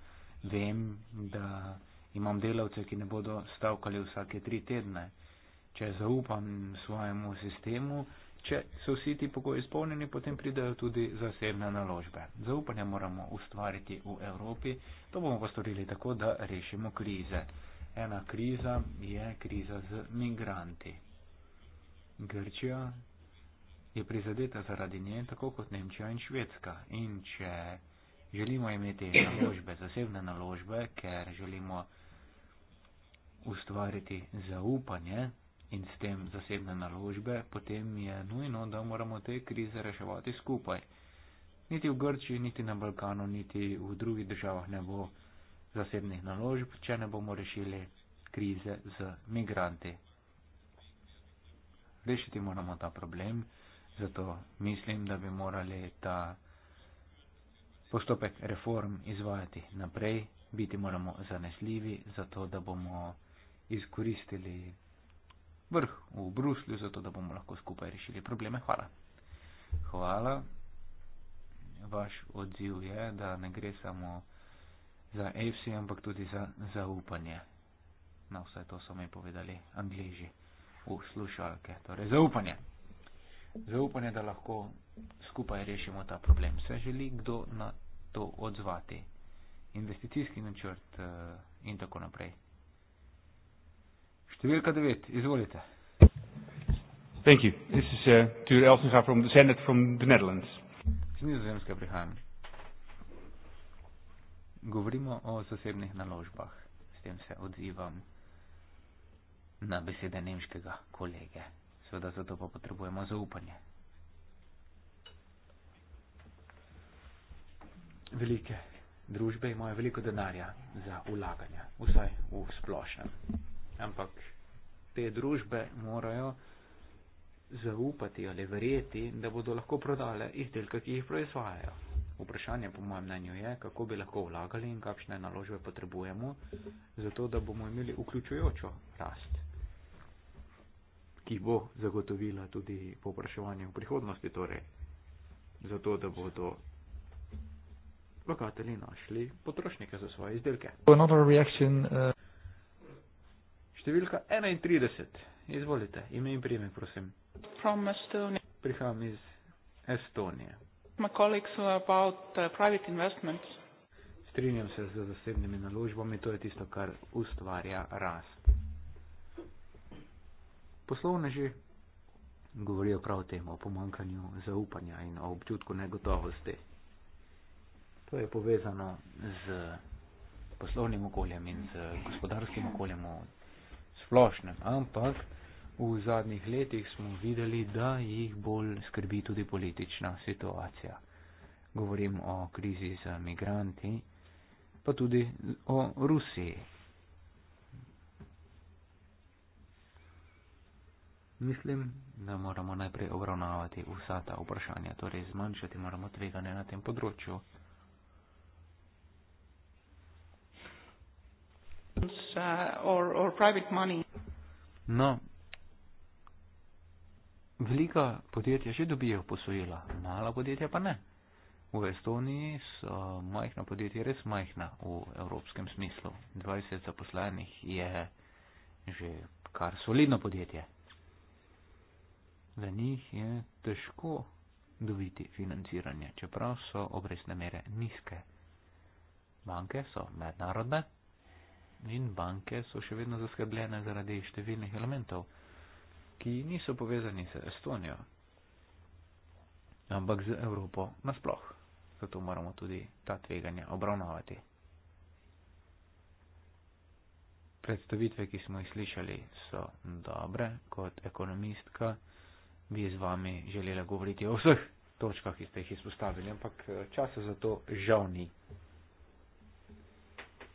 Vem, da imam delavce, ki ne bodo stavkali vsake tri tedne. Če zaupam svojemu sistemu, Če so vsi ti pogoji izpolnjeni, potem pridajo tudi zasebne naložbe. Zaupanje moramo ustvariti v Evropi, to bomo pa storili tako, da rešimo krize. Ena kriza je kriza z migranti. Grčija je prizadeta zaradi nje, tako kot Nemčija in Švedska. In če želimo imeti naložbe, zasebne naložbe, ker želimo ustvariti zaupanje, in s tem zasebne naložbe, potem je nujno, da moramo te krize reševati skupaj. Niti v Grčiji, niti na Balkanu, niti v drugih državah ne bo zasebnih naložb, če ne bomo rešili krize z migranti. Rešiti moramo ta problem, zato mislim, da bi morali ta postopek reform izvajati naprej, biti moramo zanesljivi, zato da bomo izkoristili vrh v Bruslju, zato da bomo lahko skupaj rešili probleme. Hvala. Hvala. Vaš odziv je, da ne gre samo za AFC, ampak tudi za zaupanje. Na vse to so mi povedali angliži v slušalke. Torej, zaupanje. Zaupanje, da lahko skupaj rešimo ta problem. Se želi kdo na to odzvati? Investicijski načrt eh, in tako naprej. Številka 9, izvolite. Thank you. This is uh, Tuur Elsinga from the Senate from the Netherlands. Z Nizozemske prihajam. Govorimo o zasebnih naložbah. S tem se odzivam na besede nemškega kolege. Seveda zato pa potrebujemo zaupanje. Velike družbe imajo veliko denarja za ulaganja, vsaj v splošnem ampak te družbe morajo zaupati ali verjeti, da bodo lahko prodale izdelke, ki jih proizvajajo. Vprašanje, po mojem mnenju, je, kako bi lahko vlagali in kakšne naložbe potrebujemo, zato da bomo imeli vključujočo rast, ki bo zagotovila tudi povpraševanje v prihodnosti, torej, zato da bodo vlagatelji našli potrošnike za svoje izdelke. Another reaction, uh... Številka 31. Izvolite, ime in primek, prosim. From Estonia. Priham iz Estonije. My colleagues are about uh, private investments. Strinjam se z zasebnimi naložbami, to je tisto, kar ustvarja rast. Poslovneži govorijo prav o tem, o pomankanju zaupanja in o občutku negotovosti. To je povezano z poslovnim okoljem in z gospodarskim okoljem v splošnem, ampak v zadnjih letih smo videli, da jih bolj skrbi tudi politična situacija. Govorim o krizi z migranti, pa tudi o Rusiji. Mislim, da moramo najprej obravnavati vsa ta vprašanja, torej zmanjšati moramo tvegane na tem področju. Uh, or, or private money. No, velika podjetja že dobijo posojila, mala podjetja pa ne. V Estoniji so majhna podjetja res majhna v evropskem smislu. 20 zaposlenih je že kar solidno podjetje. Za njih je težko dobiti financiranje, čeprav so obrestne mere nizke. Banke so mednarodne, in banke so še vedno zaskrbljene zaradi številnih elementov, ki niso povezani s Estonijo, ampak z Evropo nasploh. Zato moramo tudi ta tveganja obravnavati. Predstavitve, ki smo jih slišali, so dobre. Kot ekonomistka bi z vami želela govoriti o vseh točkah, ki ste jih izpostavili, ampak eh, časa za to žal ni.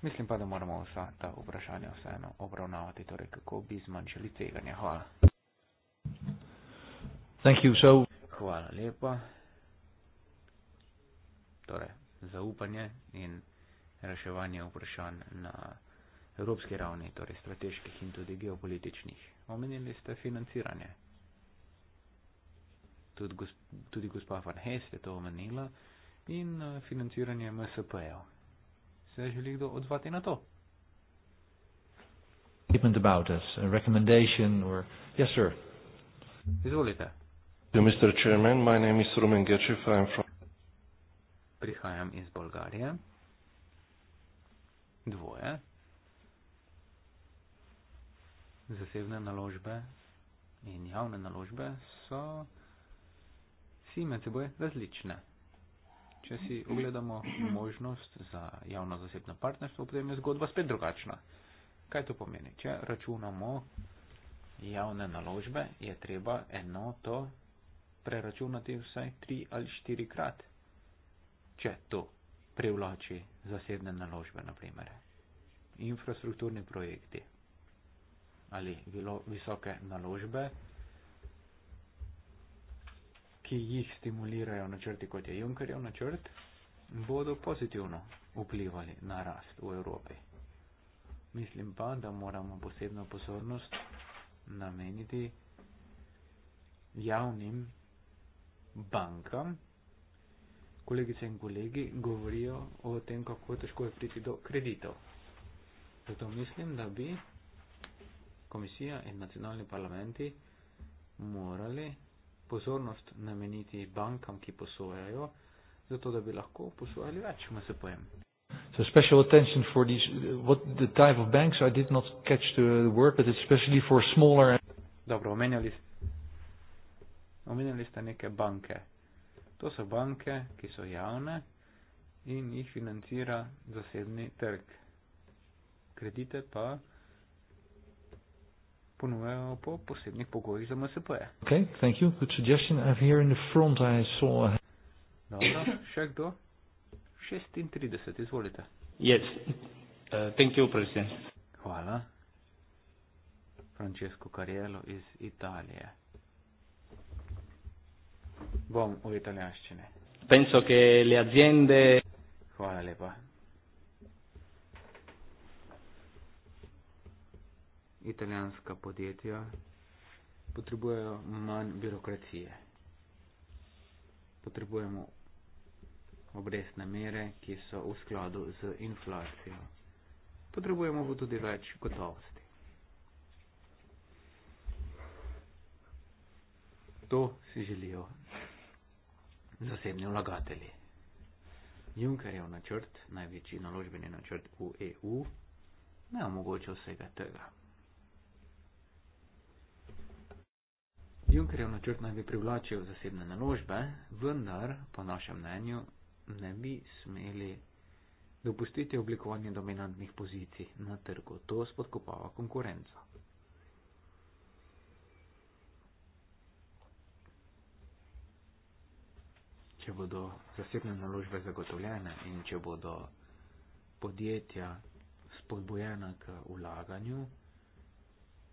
Mislim pa, da moramo vsa ta vprašanja vseeno obravnavati, torej kako bi zmanjšali tveganje. Hvala. Thank you, so. Hvala lepa. Torej, zaupanje in reševanje vprašanj na evropski ravni, torej strateških in tudi geopolitičnih. Omenili ste financiranje. Tudi gospa Van Hest je to omenila in eh, financiranje MSP-jev se želi kdo odzvati na to? Statement about us, a recommendation or... Yes, sir. Izvolite. Yeah, Mr. Chairman, my name is Roman Gerchev, I am from... Prihajam iz Bolgarije. Dvoje. Zasebne naložbe in javne naložbe so vsi med seboj različne če si ogledamo možnost za javno-zasebno partnerstvo, potem je zgodba spet drugačna. Kaj to pomeni? Če računamo javne naložbe, je treba enoto preračunati vsaj tri ali štiri krat, če to privlači zasebne naložbe, naprimer infrastrukturni projekti ali visoke naložbe ki jih stimulirajo načrti, kot je Junkerjev načrt, bodo pozitivno vplivali na rast v Evropi. Mislim pa, da moramo posebno pozornost nameniti javnim bankam. Kolegice in kolegi govorijo o tem, kako težko je priti do kreditov. Zato mislim, da bi komisija in nacionalni parlamenti morali pozornost nameniti bankam, ki posojajo, zato da bi lahko posojali več, ima se pojem. So special attention for these, what the type of banks, I did not catch the word, but it's especially for smaller. Dobro, omenjali, omenjali ste neke banke. To so banke, ki so javne in jih financira zasebni trg. Kredite pa ponujajo po posebnih pogojih za MSP. -je. Ok, thank you. Good suggestion. I'm here in the front. I saw. Dobro, še kdo? 36, izvolite. Yes. Uh, thank you, president. Hvala. Francesco Carriello iz Italije. Bom v italijanščini. Penso che le aziende. Hvala lepa. italijanska podjetja potrebujejo manj birokracije. Potrebujemo obrestne mere, ki so v skladu z inflacijo. Potrebujemo pa tudi več gotovosti. To si želijo zasebni vlagatelji. Junkerjev načrt, največji naložbeni načrt v EU, ne omogoča vsega tega. Junkerjev načrt naj bi privlačil zasebne naložbe, vendar, po našem mnenju, ne bi smeli dopustiti oblikovanje dominantnih pozicij na trgu. To spodkopava konkurenco. Če bodo zasebne naložbe zagotovljene in če bodo podjetja spodbojena k vlaganju,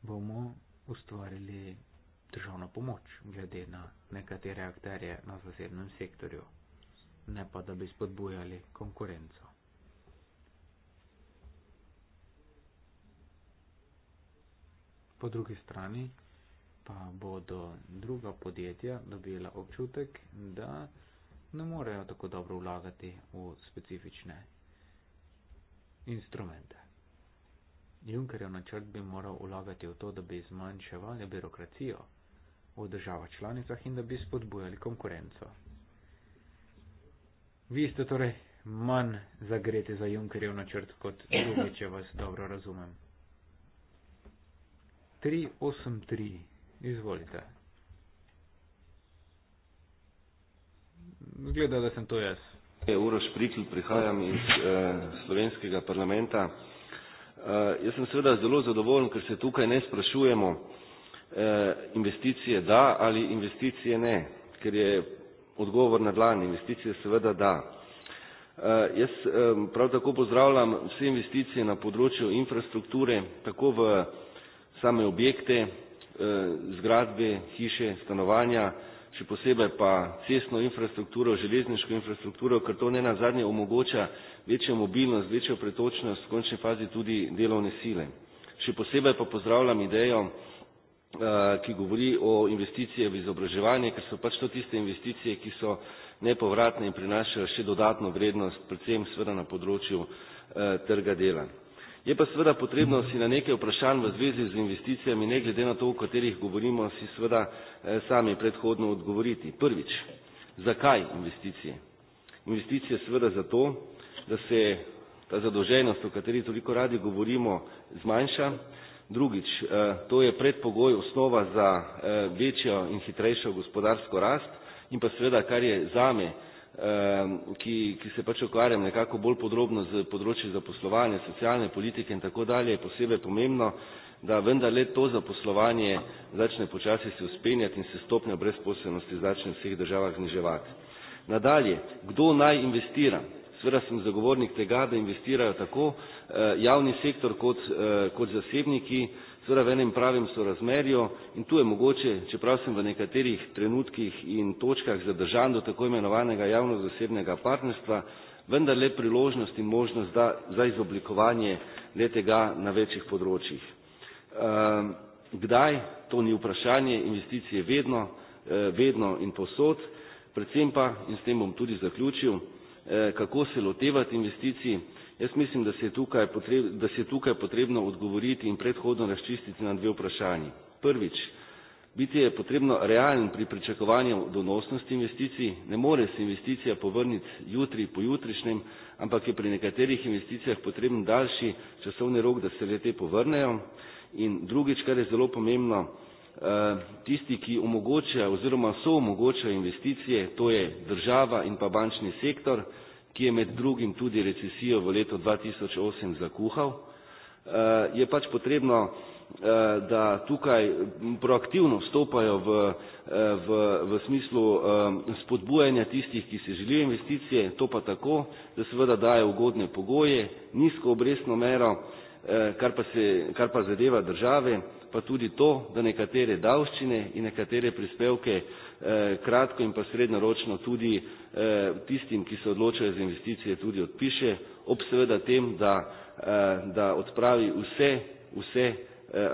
bomo ustvarili državno pomoč, glede na nekatere akterje na zasebnem sektorju, ne pa da bi spodbujali konkurenco. Po drugi strani pa bodo druga podjetja dobila občutek, da ne morejo tako dobro vlagati v specifične instrumente. Junkerjev načrt bi moral vlagati v to, da bi zmanjševali birokracijo, v državah članicah in da bi spodbujali konkurenco. Vi ste torej manj zagreti za Junkerjev načrt kot drugi, če vas dobro razumem. 383, izvolite. Zgleda, da sem to jaz. Uroš Prikl, prihajam iz eh, slovenskega parlamenta. Eh, jaz sem seveda zelo zadovoljen, ker se tukaj ne sprašujemo, Eh, investicije da ali investicije ne, ker je odgovor na dlan, investicije seveda da. Eh, jaz prav tako pozdravljam vse investicije na področju infrastrukture, tako v same objekte, eh, zgradbe, hiše, stanovanja, še posebej pa cestno infrastrukturo, železniško infrastrukturo, ker to ne nazadnje omogoča večjo mobilnost, večjo pretočnost, v končni fazi tudi delovne sile. Še posebej pa pozdravljam idejo, Eh, ki govori o investicijah v izobraževanje, ker so pač to tiste investicije, ki so nepovratne in prinašajo še dodatno vrednost, predvsem seveda na področju eh, trga dela. Je pa seveda potrebno si na nekaj vprašanj v zvezi z investicijami, ne glede na to, o katerih govorimo, si seveda eh, sami predhodno odgovoriti. Prvič, zakaj investicije? Investicije seveda zato, da se ta zadolženost, o kateri toliko radi govorimo, zmanjša, Drugič, eh, to je predpogoj osnova za eh, večjo in hitrejšo gospodarsko rast in pa seveda, kar je zame, eh, ki, ki se pač ukvarjam nekako bolj podrobno z področjem zaposlovanja, socialne politike in tako dalje, je posebej pomembno, da vendarle to zaposlovanje začne počasi se uspenjati in se stopnja brezposelnosti začne v vseh državah zniževati. Nadalje, kdo naj investira? seveda sem zagovornik tega, da investirajo tako eh, javni sektor kot, eh, kot zasebniki, seveda v enem pravem sorazmerju in tu je mogoče, čeprav sem v nekaterih trenutkih in točkah zadržan do tako imenovanega javno-zasebnega partnerstva, vendar le priložnost in možnost da, za izoblikovanje le tega na večjih področjih. Ehm, kdaj, to ni vprašanje, investicije vedno, eh, vedno in posod, predvsem pa, in s tem bom tudi zaključil, Eh, kako se lotevati investicij. Jaz mislim, da se, tukaj potreb, da se je tukaj potrebno odgovoriti in predhodno razčistiti na dve vprašanji. Prvič, biti je potrebno realen pri pričakovanju donosnosti investicij. Ne more se investicija povrniti jutri po jutrišnjem, ampak je pri nekaterih investicijah potreben daljši časovni rok, da se le te povrnejo. In drugič, kar je zelo pomembno, Eh, tisti, ki omogočajo oziroma so omogočajo investicije, to je država in pa bančni sektor, ki je med drugim tudi recesijo v letu 2008 zakuhal, eh, je pač potrebno, eh, da tukaj proaktivno vstopajo v, v, v smislu spodbujanja tistih, ki se želijo investicije, to pa tako, da seveda dajo ugodne pogoje, nizko obrestno mero, kar pa, se, kar pa zadeva države, pa tudi to, da nekatere davščine in nekatere prispevke eh, kratko in pa srednjeročno tudi eh, tistim, ki se odločajo za investicije, tudi odpiše, ob seveda tem, da, eh, da odpravi vse, vse eh,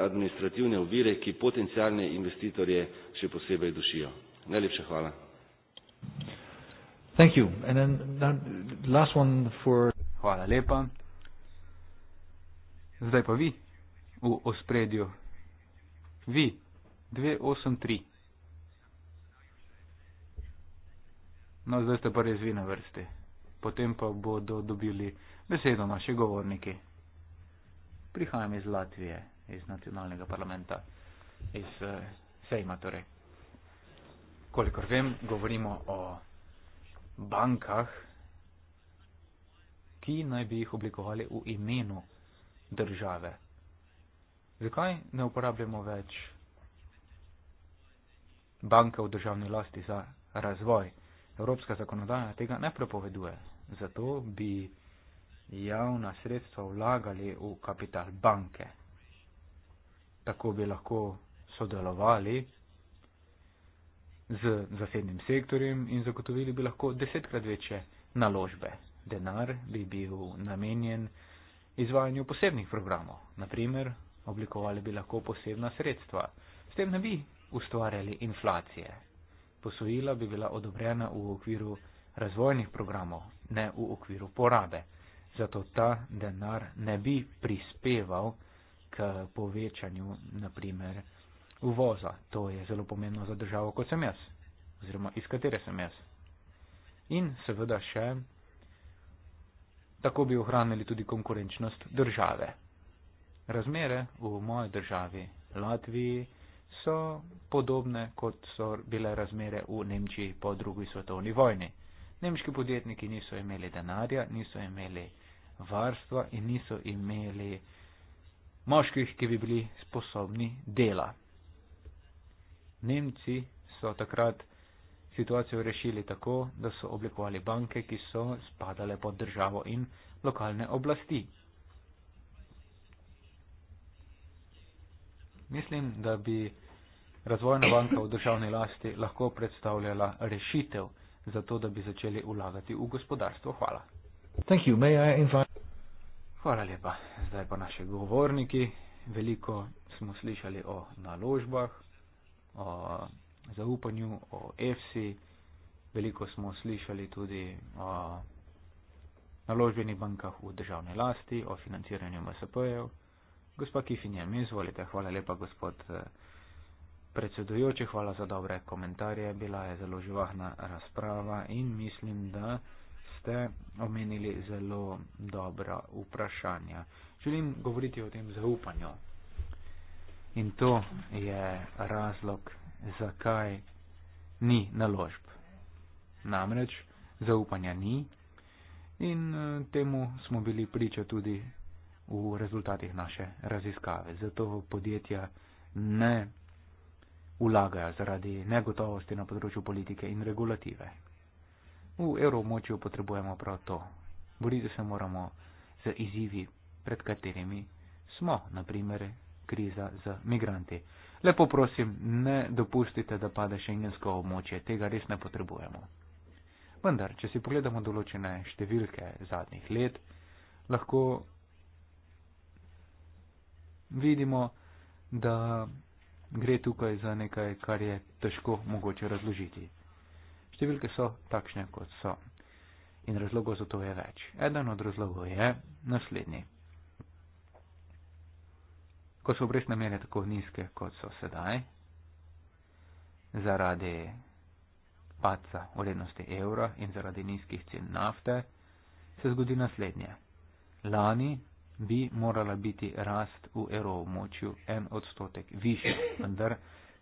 administrativne ovire, ki potencijalne investitorje še posebej dušijo. Najlepša hvala. Thank you. And then that last one for Hvala lepa. Zdaj pa vi v ospredju Vi, 283. No, zdaj ste pa res vi na vrsti. Potem pa bodo dobili besedo naši govorniki. Prihajam iz Latvije, iz nacionalnega parlamenta, iz uh, Sejma torej. Kolikor vem, govorimo o bankah, ki naj bi jih oblikovali v imenu države. Zakaj ne uporabljamo več banke v državni lasti za razvoj? Evropska zakonodaja tega ne prepoveduje. Zato bi javna sredstva vlagali v kapital banke. Tako bi lahko sodelovali z zasebnim sektorjem in zagotovili bi lahko desetkrat večje naložbe. Denar bi bil namenjen izvajanju posebnih programov, naprimer oblikovali bi lahko posebna sredstva. S tem ne bi ustvarjali inflacije. Posojila bi bila odobrena v okviru razvojnih programov, ne v okviru porabe. Zato ta denar ne bi prispeval k povečanju, naprimer, uvoza. To je zelo pomembno za državo, kot sem jaz, oziroma iz katere sem jaz. In seveda še, tako bi ohranili tudi konkurenčnost države. Razmere v moji državi, Latviji, so podobne, kot so bile razmere v Nemčiji po drugi svetovni vojni. Nemški podjetniki niso imeli denarja, niso imeli varstva in niso imeli moških, ki bi bili sposobni dela. Nemci so takrat situacijo rešili tako, da so oblikovali banke, ki so spadale pod državo in lokalne oblasti. Mislim, da bi razvojna banka v državni lasti lahko predstavljala rešitev za to, da bi začeli vlagati v gospodarstvo. Hvala. You, Hvala lepa. Zdaj pa naši govorniki. Veliko smo slišali o naložbah, o zaupanju, o EFSI. Veliko smo slišali tudi o naložbenih bankah v državni lasti, o financiranju MSP-jev. Gospa Kifinja, mi izvolite. Hvala lepa, gospod eh, predsedujoči. Hvala za dobre komentarje. Bila je zelo živahna razprava in mislim, da ste omenili zelo dobra vprašanja. Želim govoriti o tem zaupanju. In to je razlog, zakaj ni naložb. Namreč zaupanja ni. In eh, temu smo bili priča tudi v rezultatih naše raziskave. Zato podjetja ne vlagajo zaradi negotovosti na področju politike in regulative. V evromočju potrebujemo prav to. Boriti se moramo z izzivi, pred katerimi smo, naprimer kriza z migranti. Lepo prosim, ne dopustite, da pade šengensko območje, tega res ne potrebujemo. Vendar, če si pogledamo določene številke zadnjih let, lahko vidimo, da gre tukaj za nekaj, kar je težko mogoče razložiti. Številke so takšne, kot so. In razlogov za to je več. Eden od razlogov je naslednji. Ko so obrestne mere tako nizke, kot so sedaj, zaradi paca vrednosti evra in zaradi nizkih cen nafte, se zgodi naslednje. Lani bi morala biti rast v euroomočju en odstotek više, vendar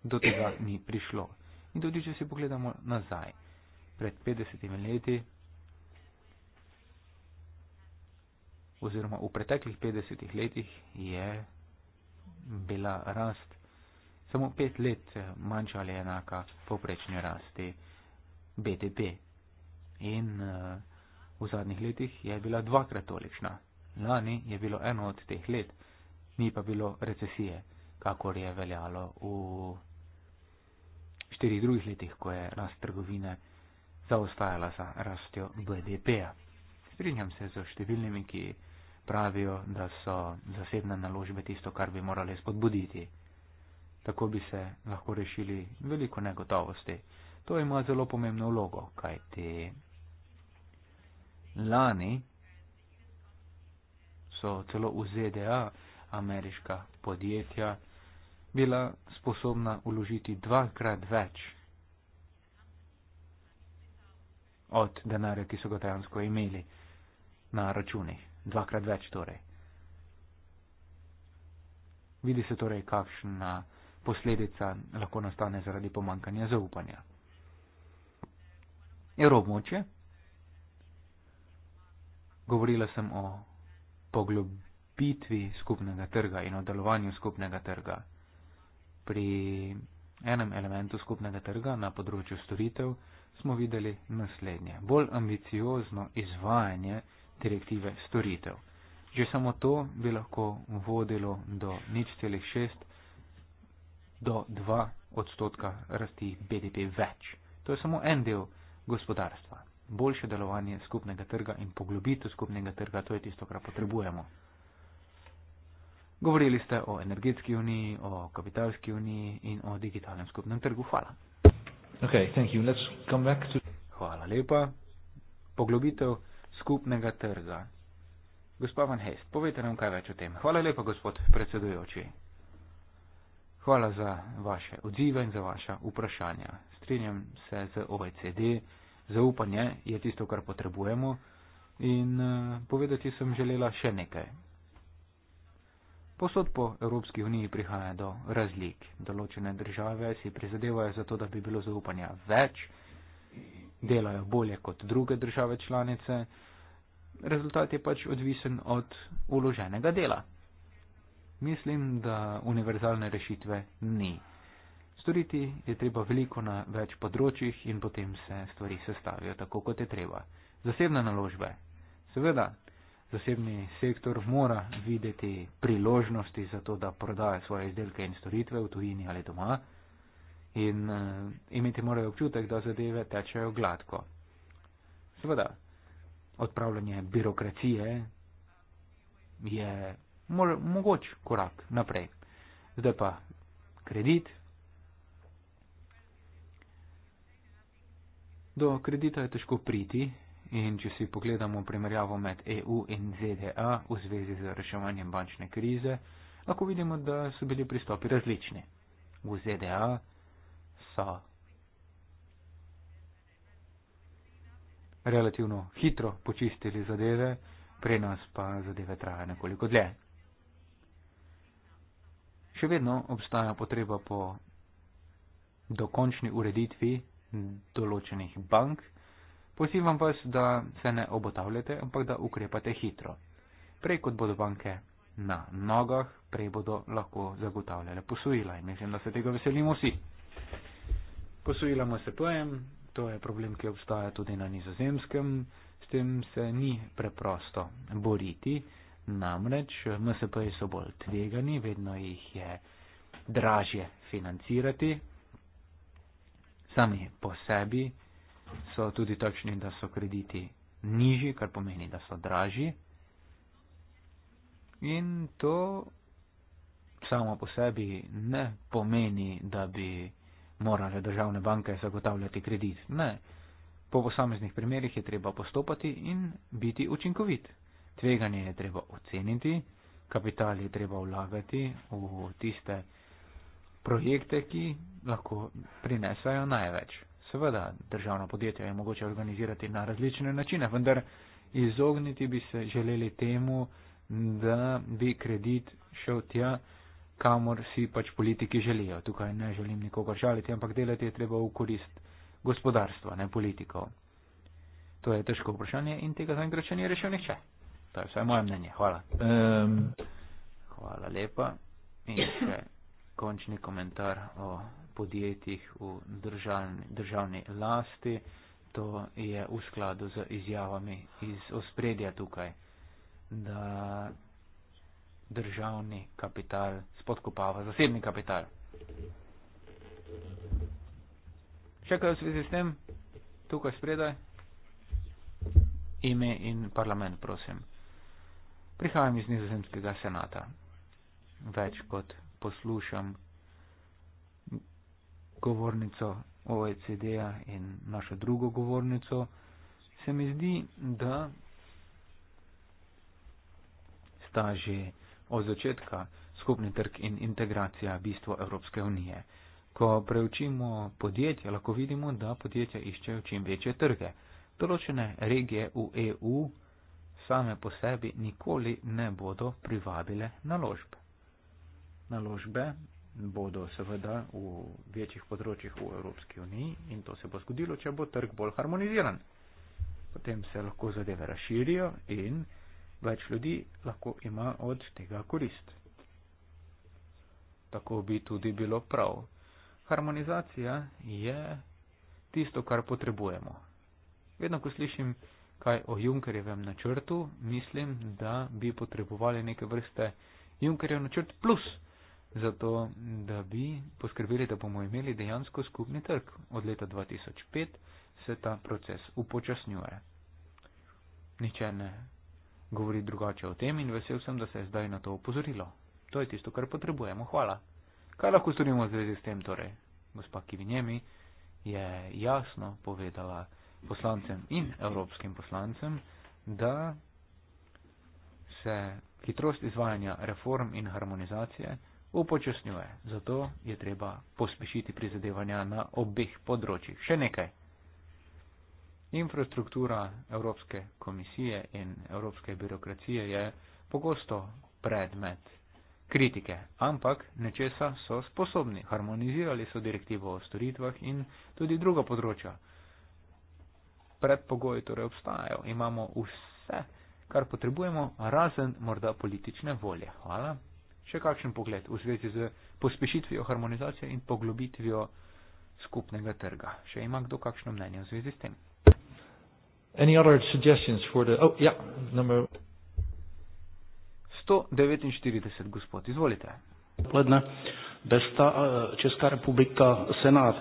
do tega ni prišlo. In tudi, če si pogledamo nazaj, pred 50 leti oziroma v preteklih 50 letih je bila rast samo pet let manjša ali enaka poprečni rasti BDP. In uh, v zadnjih letih je bila dvakrat tolikšna. Lani je bilo eno od teh let, ni pa bilo recesije, kakor je veljalo v štirih drugih letih, ko je rast trgovine zaostajala za rastjo BDP-ja. Strinjam se z številnimi, ki pravijo, da so zasebne naložbe tisto, kar bi morali spodbuditi. Tako bi se lahko rešili veliko negotovosti. To ima zelo pomembno vlogo, kajti lani so celo v ZDA ameriška podjetja bila sposobna uložiti dvakrat več od denarja, ki so ga dejansko imeli na računih. Dvakrat več torej. Vidi se torej, kakšna posledica lahko nastane zaradi pomankanja zaupanja. Evroobmočje. Govorila sem o poglobitvi skupnega trga in oddelovanju skupnega trga. Pri enem elementu skupnega trga na področju storitev smo videli naslednje. Bolj ambiciozno izvajanje direktive storitev. Že samo to bi lahko vodilo do nič celih šest do dva odstotka rasti BDP več. To je samo en del gospodarstva boljše delovanje skupnega trga in poglobitev skupnega trga, to je tisto, kar potrebujemo. Govorili ste o energetski uniji, o kapitalski uniji in o digitalnem skupnem trgu. Hvala. Okay, to... Hvala lepa. Poglobitev skupnega trga. Gospod Van Hest, povejte nam kaj več o tem. Hvala lepa, gospod predsedujoči. Hvala za vaše odzive in za vaše vprašanja. Strinjam se z OECD zaupanje je tisto, kar potrebujemo in eh, povedati sem želela še nekaj. Posod po Evropski uniji prihaja do razlik. Določene države si prizadevajo za to, da bi bilo zaupanja več, delajo bolje kot druge države članice. Rezultat je pač odvisen od uloženega dela. Mislim, da univerzalne rešitve ni storiti, je treba veliko na več področjih in potem se stvari sestavijo tako, kot je treba. Zasebne naložbe. Seveda, zasebni sektor mora videti priložnosti za to, da prodaja svoje izdelke in storitve v tujini ali doma in uh, imeti morajo občutek, da zadeve tečejo gladko. Seveda, odpravljanje birokracije je mo mogoč korak naprej. Zdaj pa kredit, Do kredita je težko priti in če si pogledamo primerjavo med EU in ZDA v zvezi z reševanjem bančne krize, lahko vidimo, da so bili pristopi različni. V ZDA so relativno hitro počistili zadeve, pri nas pa zadeve traja nekoliko dlje. Še vedno obstaja potreba po dokončni ureditvi določenih bank. Pozivam vas, da se ne obotavljate, ampak da ukrepate hitro. Prej kot bodo banke na nogah, prej bodo lahko zagotavljale posojila in mislim, da se tega veselimo vsi. Posojila MSP-jem, to je problem, ki obstaja tudi na nizozemskem, s tem se ni preprosto boriti, namreč MSP-ji so bolj tvegani, vedno jih je dražje financirati, sami po sebi so tudi točni, da so krediti nižji, kar pomeni, da so dražji. In to samo po sebi ne pomeni, da bi morale državne banke zagotavljati kredit. Ne. Po posameznih primerjih je treba postopati in biti učinkovit. Tveganje je treba oceniti, kapital je treba vlagati v tiste, projekte, ki lahko prinesajo največ. Seveda, državno podjetje je mogoče organizirati na različne načine, vendar izogniti bi se želeli temu, da bi kredit šel tja, kamor si pač politiki želijo. Tukaj ne želim nikogar žaliti, ampak delati je treba v korist gospodarstva, ne politikov. To je težko vprašanje in tega zaenkrat še ni rešil nihče. To je vsaj moje mnenje. Hvala. Um. Hvala lepa. In še končni komentar o podjetjih v državni, državni lasti. To je v skladu z izjavami iz ospredja tukaj, da državni kapital spodkopava zasebni kapital. Še kaj v zvezi s tem? Tukaj spredaj. Ime in parlament, prosim. Prihajam iz nizozemskega senata. Več kot poslušam govornico OECD-a in našo drugo govornico, se mi zdi, da sta že od začetka skupni trg in integracija bistvo Evropske unije. Ko preučimo podjetja, lahko vidimo, da podjetja iščejo čim večje trge. Določene regije v EU same po sebi nikoli ne bodo privabile naložb naložbe bodo seveda v večjih področjih v Evropski uniji in to se bo zgodilo, če bo trg bolj harmoniziran. Potem se lahko zadeve razširijo in več ljudi lahko ima od tega korist. Tako bi tudi bilo prav. Harmonizacija je tisto, kar potrebujemo. Vedno, ko slišim kaj o Junkerjevem načrtu, mislim, da bi potrebovali neke vrste Junkerjev načrt plus zato da bi poskrbeli, da bomo imeli dejansko skupni trg. Od leta 2005 se ta proces upočasnjuje. Niče ne govori drugače o tem in vesel sem, da se je zdaj na to opozorilo. To je tisto, kar potrebujemo. Hvala. Kaj lahko storimo v zvezi s tem torej? Gospa Kivinjemi je jasno povedala poslancem in evropskim poslancem, da se hitrost izvajanja reform in harmonizacije upočasnjuje. Zato je treba pospešiti prizadevanja na obeh področjih. Še nekaj. Infrastruktura Evropske komisije in Evropske birokracije je pogosto predmet kritike, ampak nečesa so sposobni. Harmonizirali so direktivo o storitvah in tudi druga področja. Predpogoji torej obstajajo. Imamo vse, kar potrebujemo, razen morda politične volje. Hvala še kakšen pogled v zvezi z pospešitvijo harmonizacije in poglobitvijo skupnega trga. Še ima kdo kakšno mnenje v zvezi s tem? Any other suggestions for the... Oh, yeah, number... 149, gospod, izvolite. Pledne, besta eh, Česka republika, senat.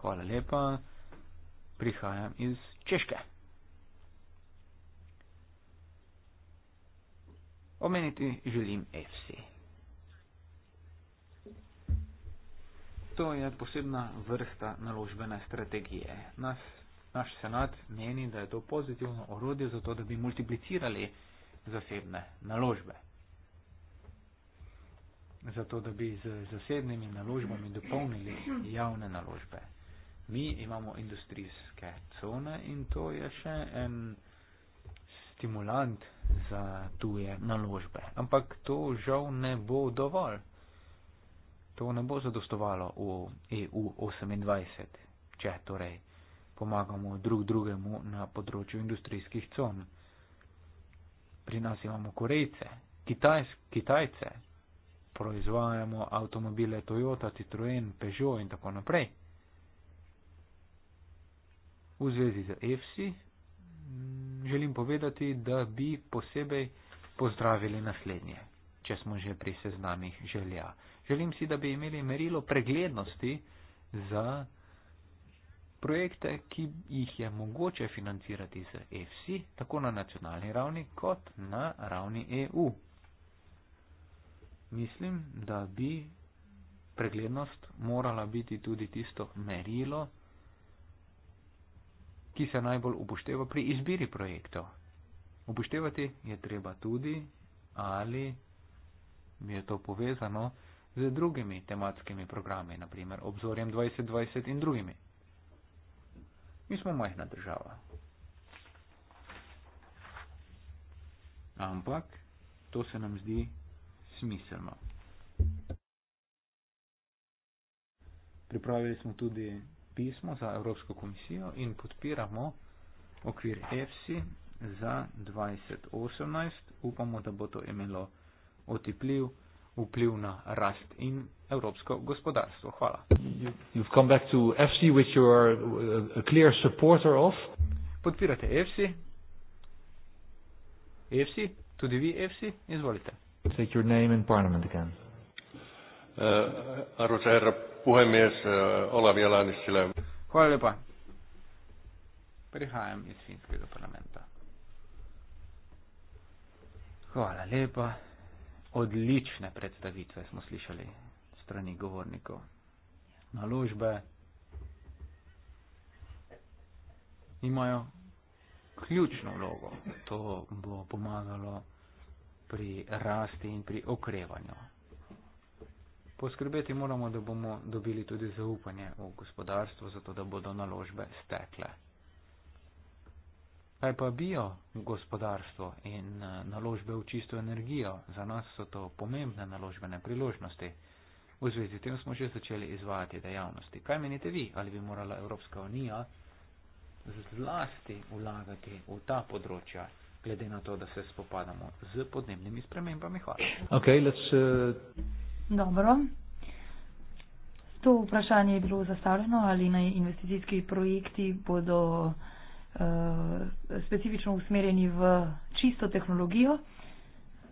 Hvala lepa, prihajam iz Češke. Omeniti želim FC. to je posebna vrsta naložbene strategije. Nas, naš senat meni, da je to pozitivno orodje za to, da bi multiplicirali zasebne naložbe. Zato, da bi z zasebnimi naložbami dopolnili javne naložbe. Mi imamo industrijske cone in to je še en stimulant za tuje naložbe. Ampak to žal ne bo dovolj to ne bo zadostovalo v EU28, če torej pomagamo drug drugemu na področju industrijskih con. Pri nas imamo Korejce, Kitajs, Kitajce, proizvajamo avtomobile Toyota, Citroen, Peugeot in tako naprej. V zvezi z EFSI mm, želim povedati, da bi posebej pozdravili naslednje, če smo že pri seznamih želja. Želim si, da bi imeli merilo preglednosti za projekte, ki jih je mogoče financirati z EFSI, tako na nacionalni ravni kot na ravni EU. Mislim, da bi preglednost morala biti tudi tisto merilo, ki se najbolj upošteva pri izbiri projektov. Upoštevati je treba tudi, ali je to povezano z drugimi tematskimi programi, naprimer obzorjem 2020 in drugimi. Mi smo majhna država. Ampak to se nam zdi smiselno. Pripravili smo tudi pismo za Evropsko komisijo in podpiramo okvir EFSI za 2018. Upamo, da bo to imelo otipljiv vpliv na rast in evropsko gospodarstvo. Hvala. You've come back to EFSI, which you are uh, a clear supporter of. Podpirate EFSI? EFSI? Tudi vi EFSI? Izvolite. Take your name in parliament again. Uh, arvoisa herra puhemies, uh, Olavi Alanissilä. Hvala lepa. Prihajam iz finskega parlamenta. Hvala lepa odlične predstavitve smo slišali strani govornikov. Naložbe imajo ključno vlogo. To bo pomagalo pri rasti in pri okrevanju. Poskrbeti moramo, da bomo dobili tudi zaupanje v gospodarstvo, zato da bodo naložbe stekle. Kaj pa bio gospodarstvo in eh, naložbe v čisto energijo? Za nas so to pomembne naložbene priložnosti. V zvezi s tem smo že začeli izvajati dejavnosti. Kaj menite vi, ali bi morala Evropska unija zlasti vlagati v ta področja, glede na to, da se spopadamo z podnebnimi spremembami? Hvala. Okay, let's, uh... Dobro. To vprašanje je bilo zastavljeno, ali naj investicijski projekti bodo. Eh, specifično usmerjeni v čisto tehnologijo.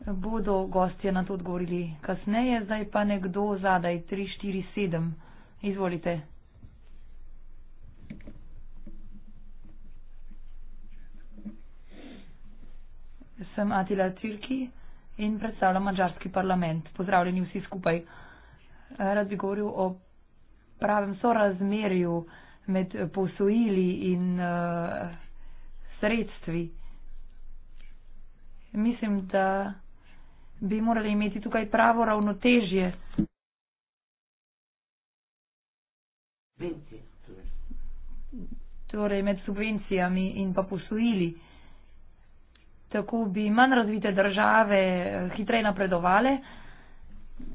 Bodo gostje na to odgovorili kasneje, zdaj pa nekdo zadaj 347. Izvolite. Sem Atila Cirki in predstavljam mađarski parlament. Pozdravljeni vsi skupaj. Rad bi govoril o pravem sorazmerju med posojili in uh, sredstvi. Mislim, da bi morali imeti tukaj pravo ravnotežje. Torej med subvencijami in pa posojili. Tako bi manj razvite države eh, hitreje napredovale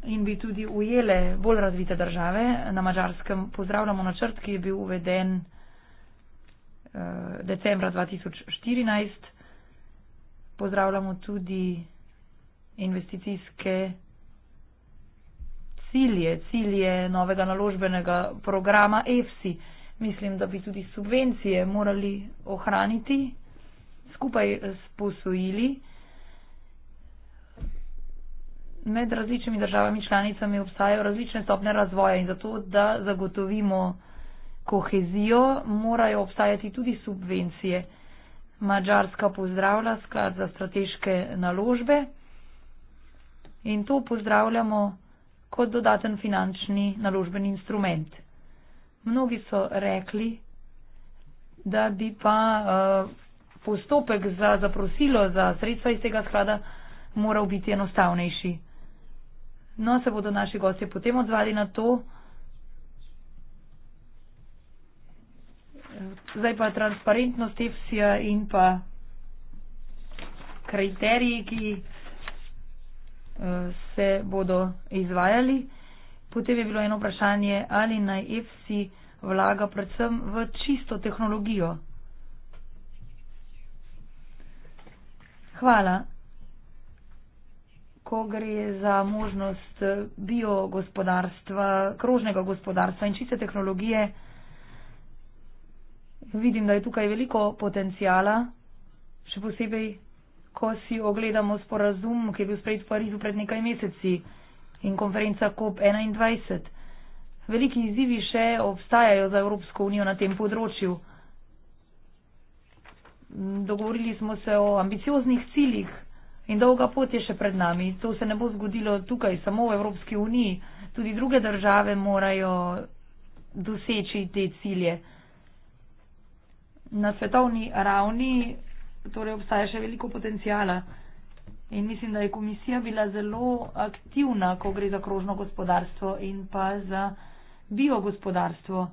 in bi tudi ujele bolj razvite države. Na mačarskem pozdravljamo načrt, ki je bil uveden eh, decembra 2014. Pozdravljamo tudi investicijske cilje, cilje novega naložbenega programa EFSI. Mislim, da bi tudi subvencije morali ohraniti skupaj s posojili med različnimi državami članicami obstajajo različne stopne razvoja in zato, da zagotovimo kohezijo, morajo obstajati tudi subvencije. Mačarska pozdravlja sklad za strateške naložbe in to pozdravljamo kot dodaten finančni naložbeni instrument. Mnogi so rekli, da bi pa uh, postopek za zaprosilo za sredstva iz tega sklada moral biti enostavnejši. No, se bodo naši gosti potem odzvali na to. Zdaj pa transparentnost EFSI-ja in pa kriteriji, ki eh, se bodo izvajali. Potem je bilo eno vprašanje, ali naj EFSI vlaga predvsem v čisto tehnologijo. Hvala ko gre za možnost eh, biogospodarstva, krožnega gospodarstva in čiste tehnologije. Vidim, da je tukaj veliko potencijala, še posebej, ko si ogledamo sporazum, ki je bil sprejet v Parizu pred nekaj meseci in konferenca COP21. Veliki izzivi še obstajajo za Evropsko unijo na tem področju. Dogovorili smo se o ambicioznih ciljih In dolga pot je še pred nami. To se ne bo zgodilo tukaj, samo v Evropski uniji. Tudi druge države morajo doseči te cilje. Na svetovni ravni torej obstaja še veliko potencijala. In mislim, da je komisija bila zelo aktivna, ko gre za krožno gospodarstvo in pa za biogospodarstvo.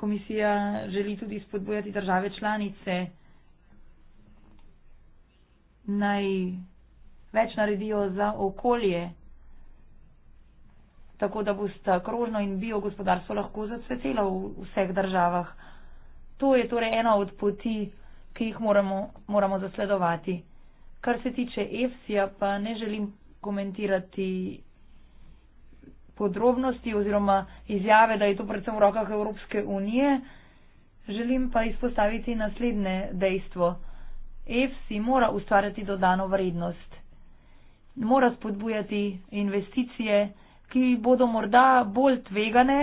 Komisija želi tudi spodbujati države članice naj več naredijo za okolje, tako da bosta krožno in bio gospodarstvo lahko zacvetela v vseh državah. To je torej ena od poti, ki jih moramo, moramo zasledovati. Kar se tiče EFSI-ja, pa ne želim komentirati podrobnosti oziroma izjave, da je to predvsem v rokah Evropske unije. Želim pa izpostaviti naslednje dejstvo. EFSI mora ustvarjati dodano vrednost, mora spodbujati investicije, ki bodo morda bolj tvegane,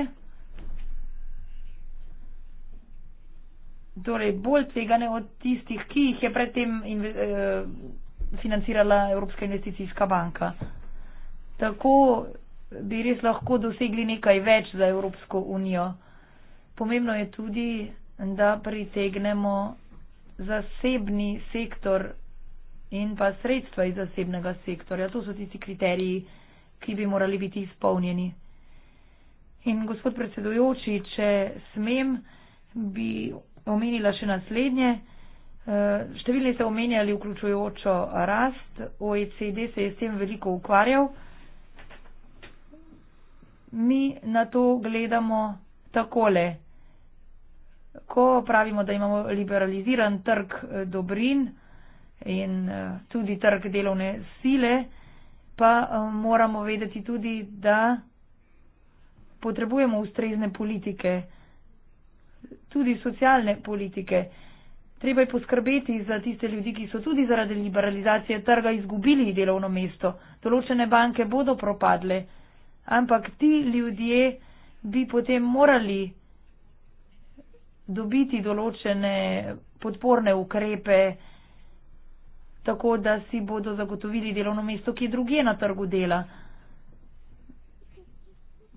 torej bolj tvegane od tistih, ki jih je predtem inve, eh, financirala Evropska investicijska banka. Tako bi res lahko dosegli nekaj več za Evropsko unijo. Pomembno je tudi, da pritegnemo zasebni sektor in pa sredstva iz zasebnega sektorja. To so tisti kriteriji, ki bi morali biti izpolnjeni. In gospod predsedujoči, če smem, bi omenila še naslednje. Eh, številni ste omenjali vključujočo rast, OECD se je s tem veliko ukvarjal. Mi na to gledamo takole ko pravimo, da imamo liberaliziran trg eh, dobrin in eh, tudi trg delovne sile, pa eh, moramo vedeti tudi, da potrebujemo ustrezne politike, tudi socialne politike. Treba je poskrbeti za tiste ljudi, ki so tudi zaradi liberalizacije trga izgubili delovno mesto. Določene banke bodo propadle, ampak ti ljudje bi potem morali dobiti določene podporne ukrepe, tako da si bodo zagotovili delovno mesto, ki je druge na trgu dela.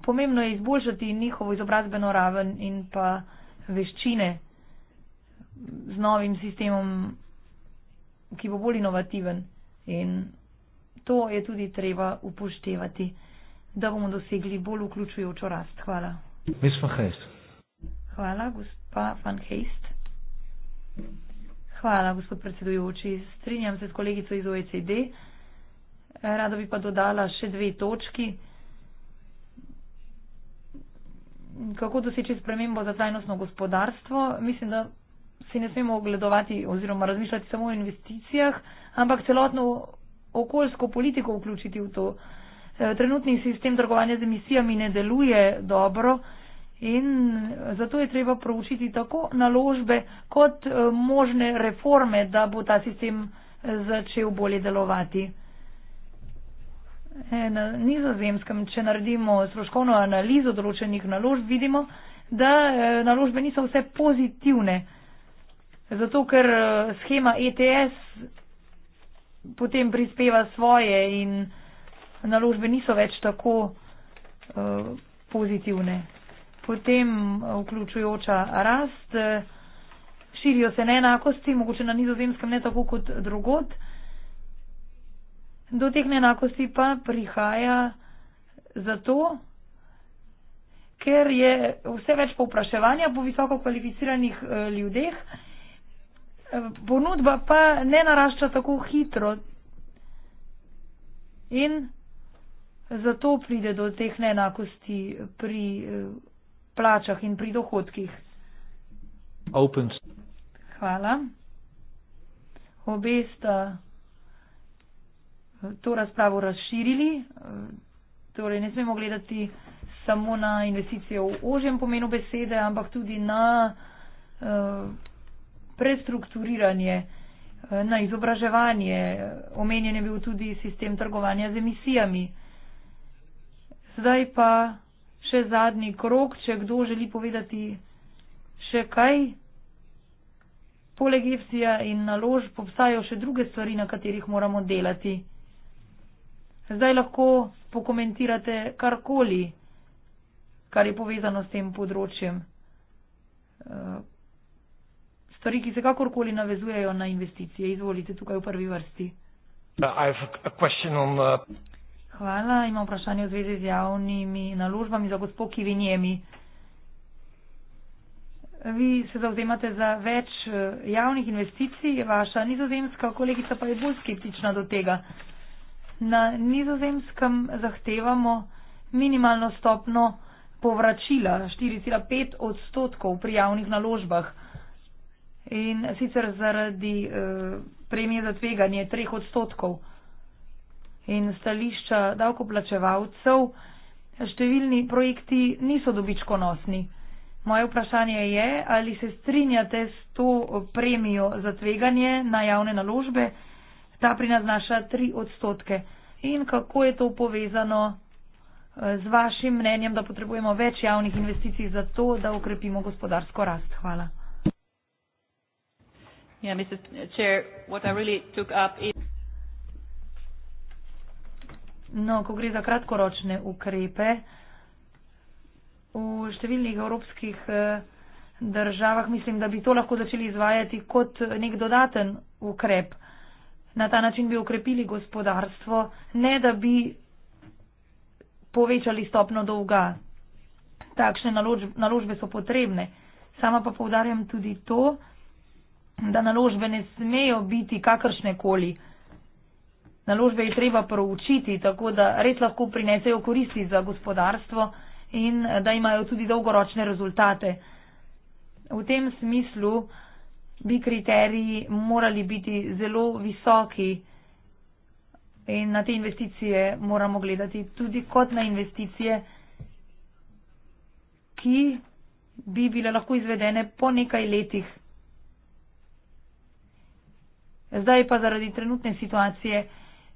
Pomembno je izboljšati njihovo izobrazbeno raven in pa veščine z novim sistemom, ki bo bolj inovativen. In to je tudi treba upoštevati, da bomo dosegli bolj vključujočo rast. Hvala. Mislim, Hvala, gospa Van Heist. Hvala, gospod predsedujoči. Strinjam se s kolegico iz OECD. Rada bi pa dodala še dve točki. Kako doseči spremembo za trajnostno gospodarstvo? Mislim, da si ne smemo ogledovati oziroma razmišljati samo o investicijah, ampak celotno okoljsko politiko vključiti v to. E, trenutni sistem trgovanja z emisijami ne deluje dobro. In zato je treba proučiti tako naložbe kot eh, možne reforme, da bo ta sistem eh, začel bolje delovati. Eh, na nizozemskem, če naredimo stroškovno analizo določenih naložb, vidimo, da naložbe niso vse pozitivne. Zato, ker schema ETS potem prispeva svoje in naložbe niso več tako uh, pozitivne potem eh, vključujoča rast, eh, širijo se neenakosti, mogoče na nizozemskem ne tako kot drugot. Do teh neenakosti pa prihaja zato, ker je vse več povpraševanja po visoko kvalificiranih eh, ljudeh, ponudba pa ne narašča tako hitro in zato pride do teh neenakosti pri plačah in pri dohodkih. Open. Hvala. Obe sta eh, to razpravo razširili, eh, torej ne smemo gledati samo na investicije v ožjem pomenu besede, ampak tudi na eh, prestrukturiranje, na izobraževanje. Omenjen je bil tudi sistem trgovanja z emisijami. Zdaj pa še zadnji krok, če kdo želi povedati še kaj. Poleg Epsija in naložb obstajajo še druge stvari, na katerih moramo delati. Zdaj lahko pokomentirate karkoli, kar je povezano s tem področjem. Eh, stvari, ki se kakorkoli navezujejo na investicije. Izvolite tukaj v prvi vrsti. Uh, Hvala. Imam vprašanje v zvezi z javnimi naložbami za gospod Kivinjemi. Vi se zauzemate za več eh, javnih investicij, vaša nizozemska kolegica pa je bolj skeptična do tega. Na nizozemskem zahtevamo minimalno stopno povračila 4,5 odstotkov pri javnih naložbah in sicer zaradi eh, premije za tveganje 3 odstotkov in stališča davkoplačevalcev, številni projekti niso dobičkonosni. Moje vprašanje je, ali se strinjate s to premijo za tveganje na javne naložbe, ta pri nas znaša tri odstotke in kako je to povezano eh, z vašim mnenjem, da potrebujemo več javnih investicij za to, da ukrepimo gospodarsko rast. Hvala. Yeah, Mr. Chair, what I really took up is... No, ko gre za kratkoročne ukrepe, v številnih evropskih eh, državah mislim, da bi to lahko začeli izvajati kot nek dodaten ukrep. Na ta način bi ukrepili gospodarstvo, ne da bi povečali stopno dolga. Takšne naložbe so potrebne. Sama pa povdarjam tudi to, da naložbe ne smejo biti kakršne koli naložbe je treba proučiti, tako da res lahko prinesejo koristi za gospodarstvo in eh, da imajo tudi dolgoročne rezultate. V tem smislu bi kriteriji morali biti zelo visoki in na te investicije moramo gledati tudi kot na investicije, ki bi bile lahko izvedene po nekaj letih. Zdaj pa zaradi trenutne situacije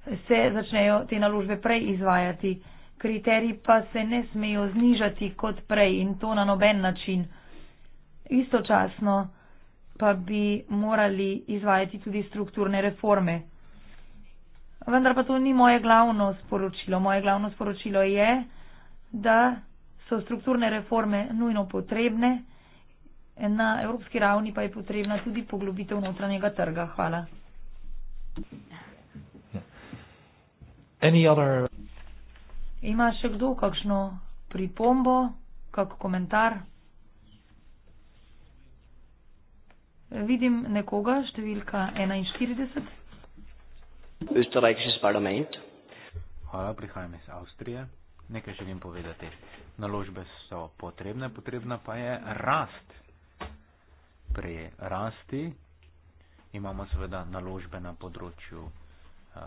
se začnejo te naložbe prej izvajati. Kriteriji pa se ne smejo znižati kot prej in to na noben način. Istočasno pa bi morali izvajati tudi strukturne reforme. Vendar pa to ni moje glavno sporočilo. Moje glavno sporočilo je, da so strukturne reforme nujno potrebne, na evropski ravni pa je potrebna tudi poglobitev notranjega trga. Hvala other... Ima še kdo kakšno pripombo, kak komentar? Vidim nekoga, številka 41. Hvala, prihajam iz Avstrije. Nekaj želim povedati. Naložbe so potrebne, potrebna pa je rast. Pri rasti imamo seveda naložbe na področju. Uh,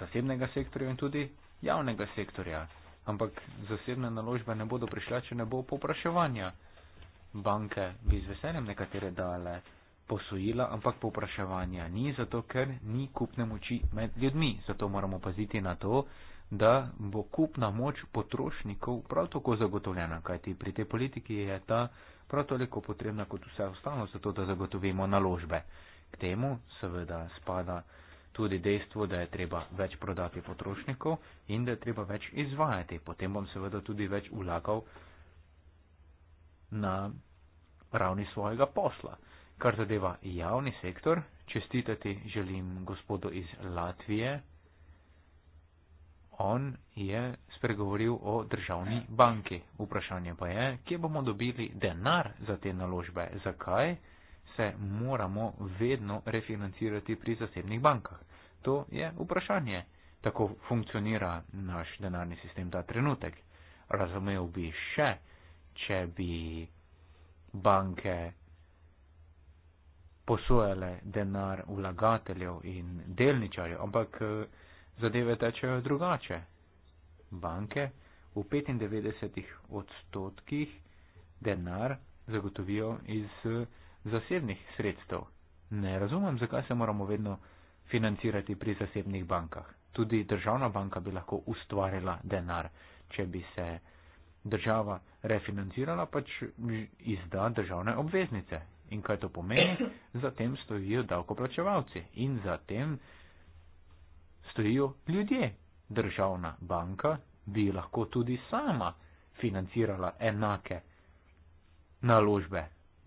zasebnega sektorja in tudi javnega sektorja. Ampak zasebne naložbe ne bodo prišle, če ne bo popraševanja. Banke bi z veseljem nekatere dale posojila, ampak popraševanja ni, zato ker ni kupne moči med ljudmi. Zato moramo paziti na to, da bo kupna moč potrošnikov prav tako zagotovljena, kajti pri tej politiki je ta prav toliko potrebna kot vse ostalo, zato da zagotovimo naložbe. K temu seveda spada tudi dejstvo, da je treba več prodati potrošnikov in da je treba več izvajati. Potem bom seveda tudi več vlagal na ravni svojega posla. Kar zadeva javni sektor, čestitati želim gospodu iz Latvije. On je spregovoril o državni banki. Vprašanje pa je, kje bomo dobili denar za te naložbe, zakaj se moramo vedno refinancirati pri zasebnih bankah. To je vprašanje. Tako funkcionira naš denarni sistem ta trenutek. Razumel bi še, če bi banke posojale denar vlagateljev in delničarjev, ampak eh, zadeve tečejo drugače. Banke v 95 odstotkih denar zagotovijo iz eh, zasebnih sredstev. Ne razumem, zakaj se moramo vedno financirati pri zasebnih bankah. Tudi državna banka bi lahko ustvarila denar, če bi se država refinancirala, pač izda državne obveznice. In kaj to pomeni? <coughs> Zatem stojijo davkoplačevalci in zatem stojijo ljudje. Državna banka bi lahko tudi sama financirala enake naložbe.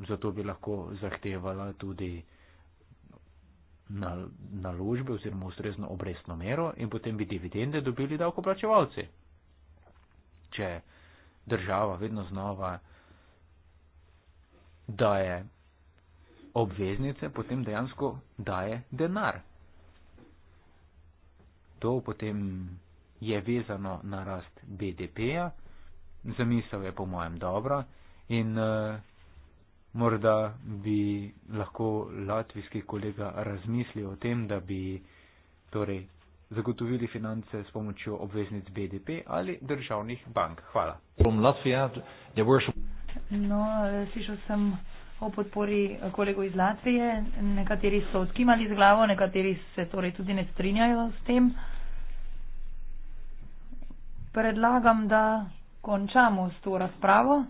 Zato bi lahko zahtevala tudi naložbe oziroma ustrezno obrestno mero in potem bi dividende dobili davkoplačevalci. Če država vedno znova daje obveznice, potem dejansko daje denar. To potem je vezano na rast BDP-ja, zamisel je po mojem dobro in uh, Morda bi lahko latvijski kolega razmislil o tem, da bi torej, zagotovili finance s pomočjo obveznic BDP ali državnih bank. Hvala. No, slišal sem o podpori kolego iz Latvije. Nekateri so odkimali z glavo, nekateri se torej tudi ne strinjajo s tem. Predlagam, da končamo s to razpravo.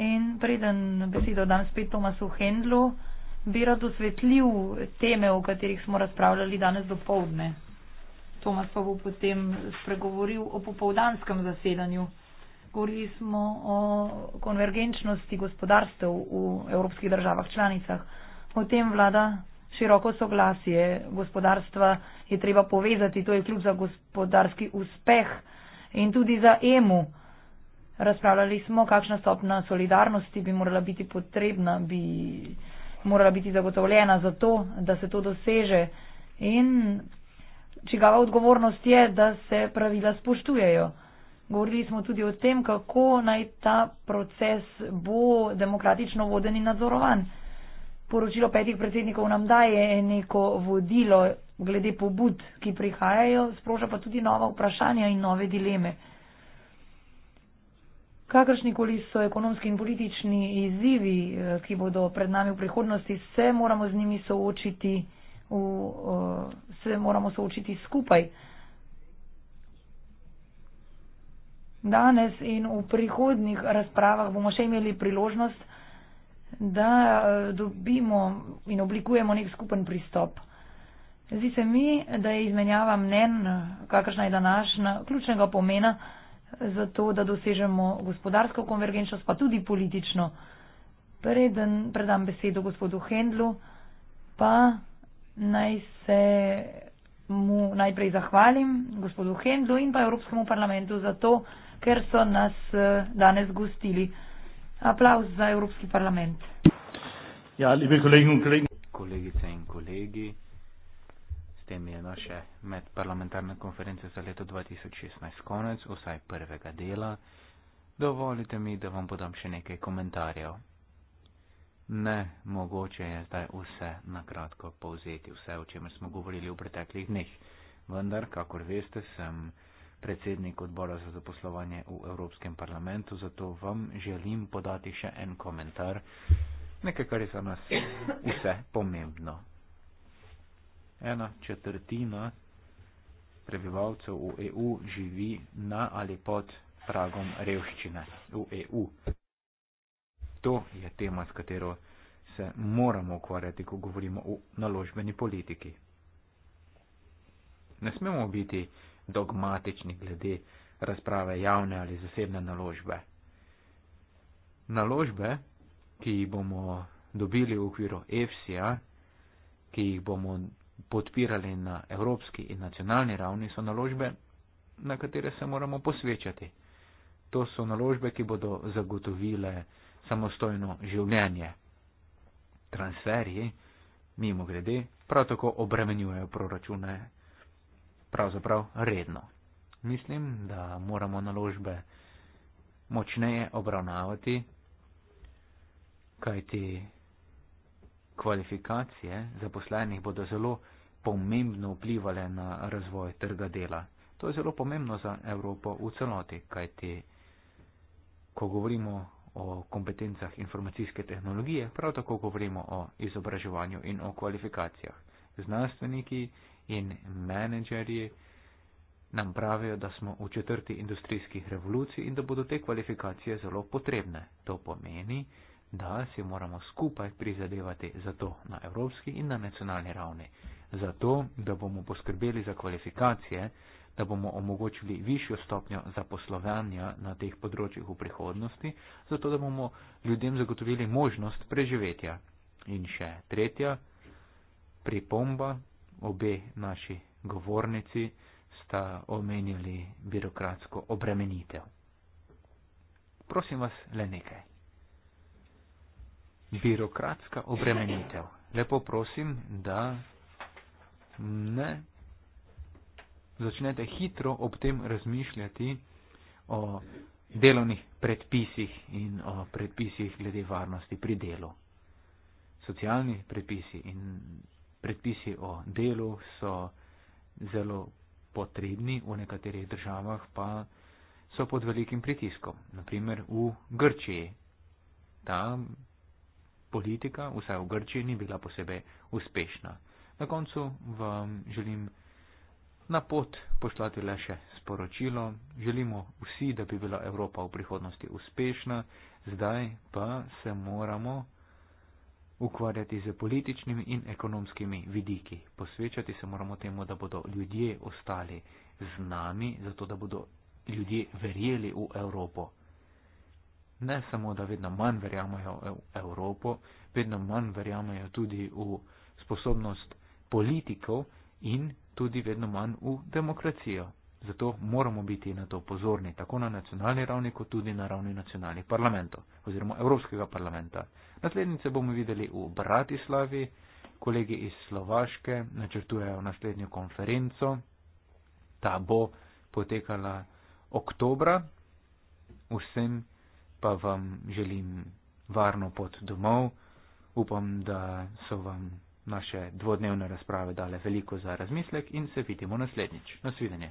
In preden besedo dam spet Tomasu Hendlu, bi rad osvetljiv teme, o katerih smo razpravljali danes do povdne. Tomas pa bo potem spregovoril o popovdanskem zasedanju. Govorili smo o konvergenčnosti gospodarstev v evropskih državah članicah. O tem vlada široko soglasje. Gospodarstva je treba povezati, to je kljub za gospodarski uspeh in tudi za EMU razpravljali smo, kakšna stopna solidarnosti bi morala biti potrebna, bi morala biti zagotovljena za to, da se to doseže. In čigava odgovornost je, da se pravila spoštujejo. Govorili smo tudi o tem, kako naj ta proces bo demokratično voden in nadzorovan. Poročilo petih predsednikov nam daje neko vodilo glede pobud, ki prihajajo, sproža pa tudi nova vprašanja in nove dileme. Kakršni koli so ekonomski in politični izzivi, eh, ki bodo pred nami v prihodnosti, se moramo z njimi soočiti, v, eh, se moramo soočiti skupaj. Danes in v prihodnih razpravah bomo še imeli priložnost, da eh, dobimo in oblikujemo nek skupen pristop. Zdi se mi, da je izmenjava mnen, kakršna je današnja, ključnega pomena za to, da dosežemo gospodarsko konvergenčnost, pa tudi politično. Preden predam besedo gospodu Hendlu, pa naj se mu najprej zahvalim gospodu Hendlu in pa Evropskemu parlamentu za to, ker so nas eh, danes gostili. Aplaus za Evropski parlament. Ja, lepe kolegice in kolegi tem je naše medparlamentarne konference za leto 2016 konec, vsaj prvega dela. Dovolite mi, da vam podam še nekaj komentarjev. Ne, mogoče je zdaj vse na kratko povzeti, vse o čemer smo govorili v preteklih dneh. Vendar, kakor veste, sem predsednik odbora za zaposlovanje v Evropskem parlamentu, zato vam želim podati še en komentar, nekaj, kar je za nas vse pomembno ena četrtina prebivalcev v EU živi na ali pod pragom revščine v EU. To je tema, s katero se moramo ukvarjati, ko govorimo o naložbeni politiki. Ne smemo biti dogmatični glede razprave javne ali zasebne naložbe. Naložbe, ki jih bomo dobili v okviru EFSI-ja, ki jih bomo podpirali na evropski in nacionalni ravni, so naložbe, na katere se moramo posvečati. To so naložbe, ki bodo zagotovile samostojno življenje. Transferji, mimo grede, prav tako obremenjujejo proračune, pravzaprav redno. Mislim, da moramo naložbe močneje obravnavati, kajti kvalifikacije zaposlenih bodo zelo pomembno vplivali na razvoj trga dela. To je zelo pomembno za Evropo v celoti, kajti ko govorimo o kompetencah informacijske tehnologije, prav tako govorimo o izobraževanju in o kvalifikacijah. Znanstveniki in menedžerji nam pravijo, da smo v četrti industrijski revoluciji in da bodo te kvalifikacije zelo potrebne. To pomeni, da si moramo skupaj prizadevati za to na evropski in na nacionalni ravni. Zato, da bomo poskrbeli za kvalifikacije, da bomo omogočili višjo stopnjo zaposlovanja na teh področjih v prihodnosti, zato da bomo ljudem zagotovili možnost preživetja. In še tretja pripomba, obe naši govornici sta omenjali birokratsko obremenitev. Prosim vas le nekaj birokratska obremenitev. Lepo prosim, da ne začnete hitro ob tem razmišljati o delovnih predpisih in o predpisih glede varnosti pri delu. Socialni predpisi in predpisi o delu so zelo potrebni, v nekaterih državah pa so pod velikim pritiskom, naprimer v Grčiji. Tam politika, vsaj v Grčiji, ni bila posebej uspešna. Na koncu vam želim na pot poslati le še sporočilo. Želimo vsi, da bi bila Evropa v prihodnosti uspešna, zdaj pa se moramo ukvarjati z političnimi in ekonomskimi vidiki. Posvečati se moramo temu, da bodo ljudje ostali z nami, zato da bodo ljudje verjeli v Evropo ne samo, da vedno manj verjamajo v Evropo, vedno manj verjamajo tudi v sposobnost politikov in tudi vedno manj v demokracijo. Zato moramo biti na to pozorni, tako na nacionalni ravni, kot tudi na ravni nacionalnih parlamentov oziroma Evropskega parlamenta. Naslednjice bomo videli v Bratislavi, kolegi iz Slovaške načrtujejo naslednjo konferenco, ta bo potekala oktobra. Vsem pa vam želim varno pot domov. Upam, da so vam naše dvodnevne razprave dale veliko za razmislek in se vidimo naslednjič. Nasvidenje.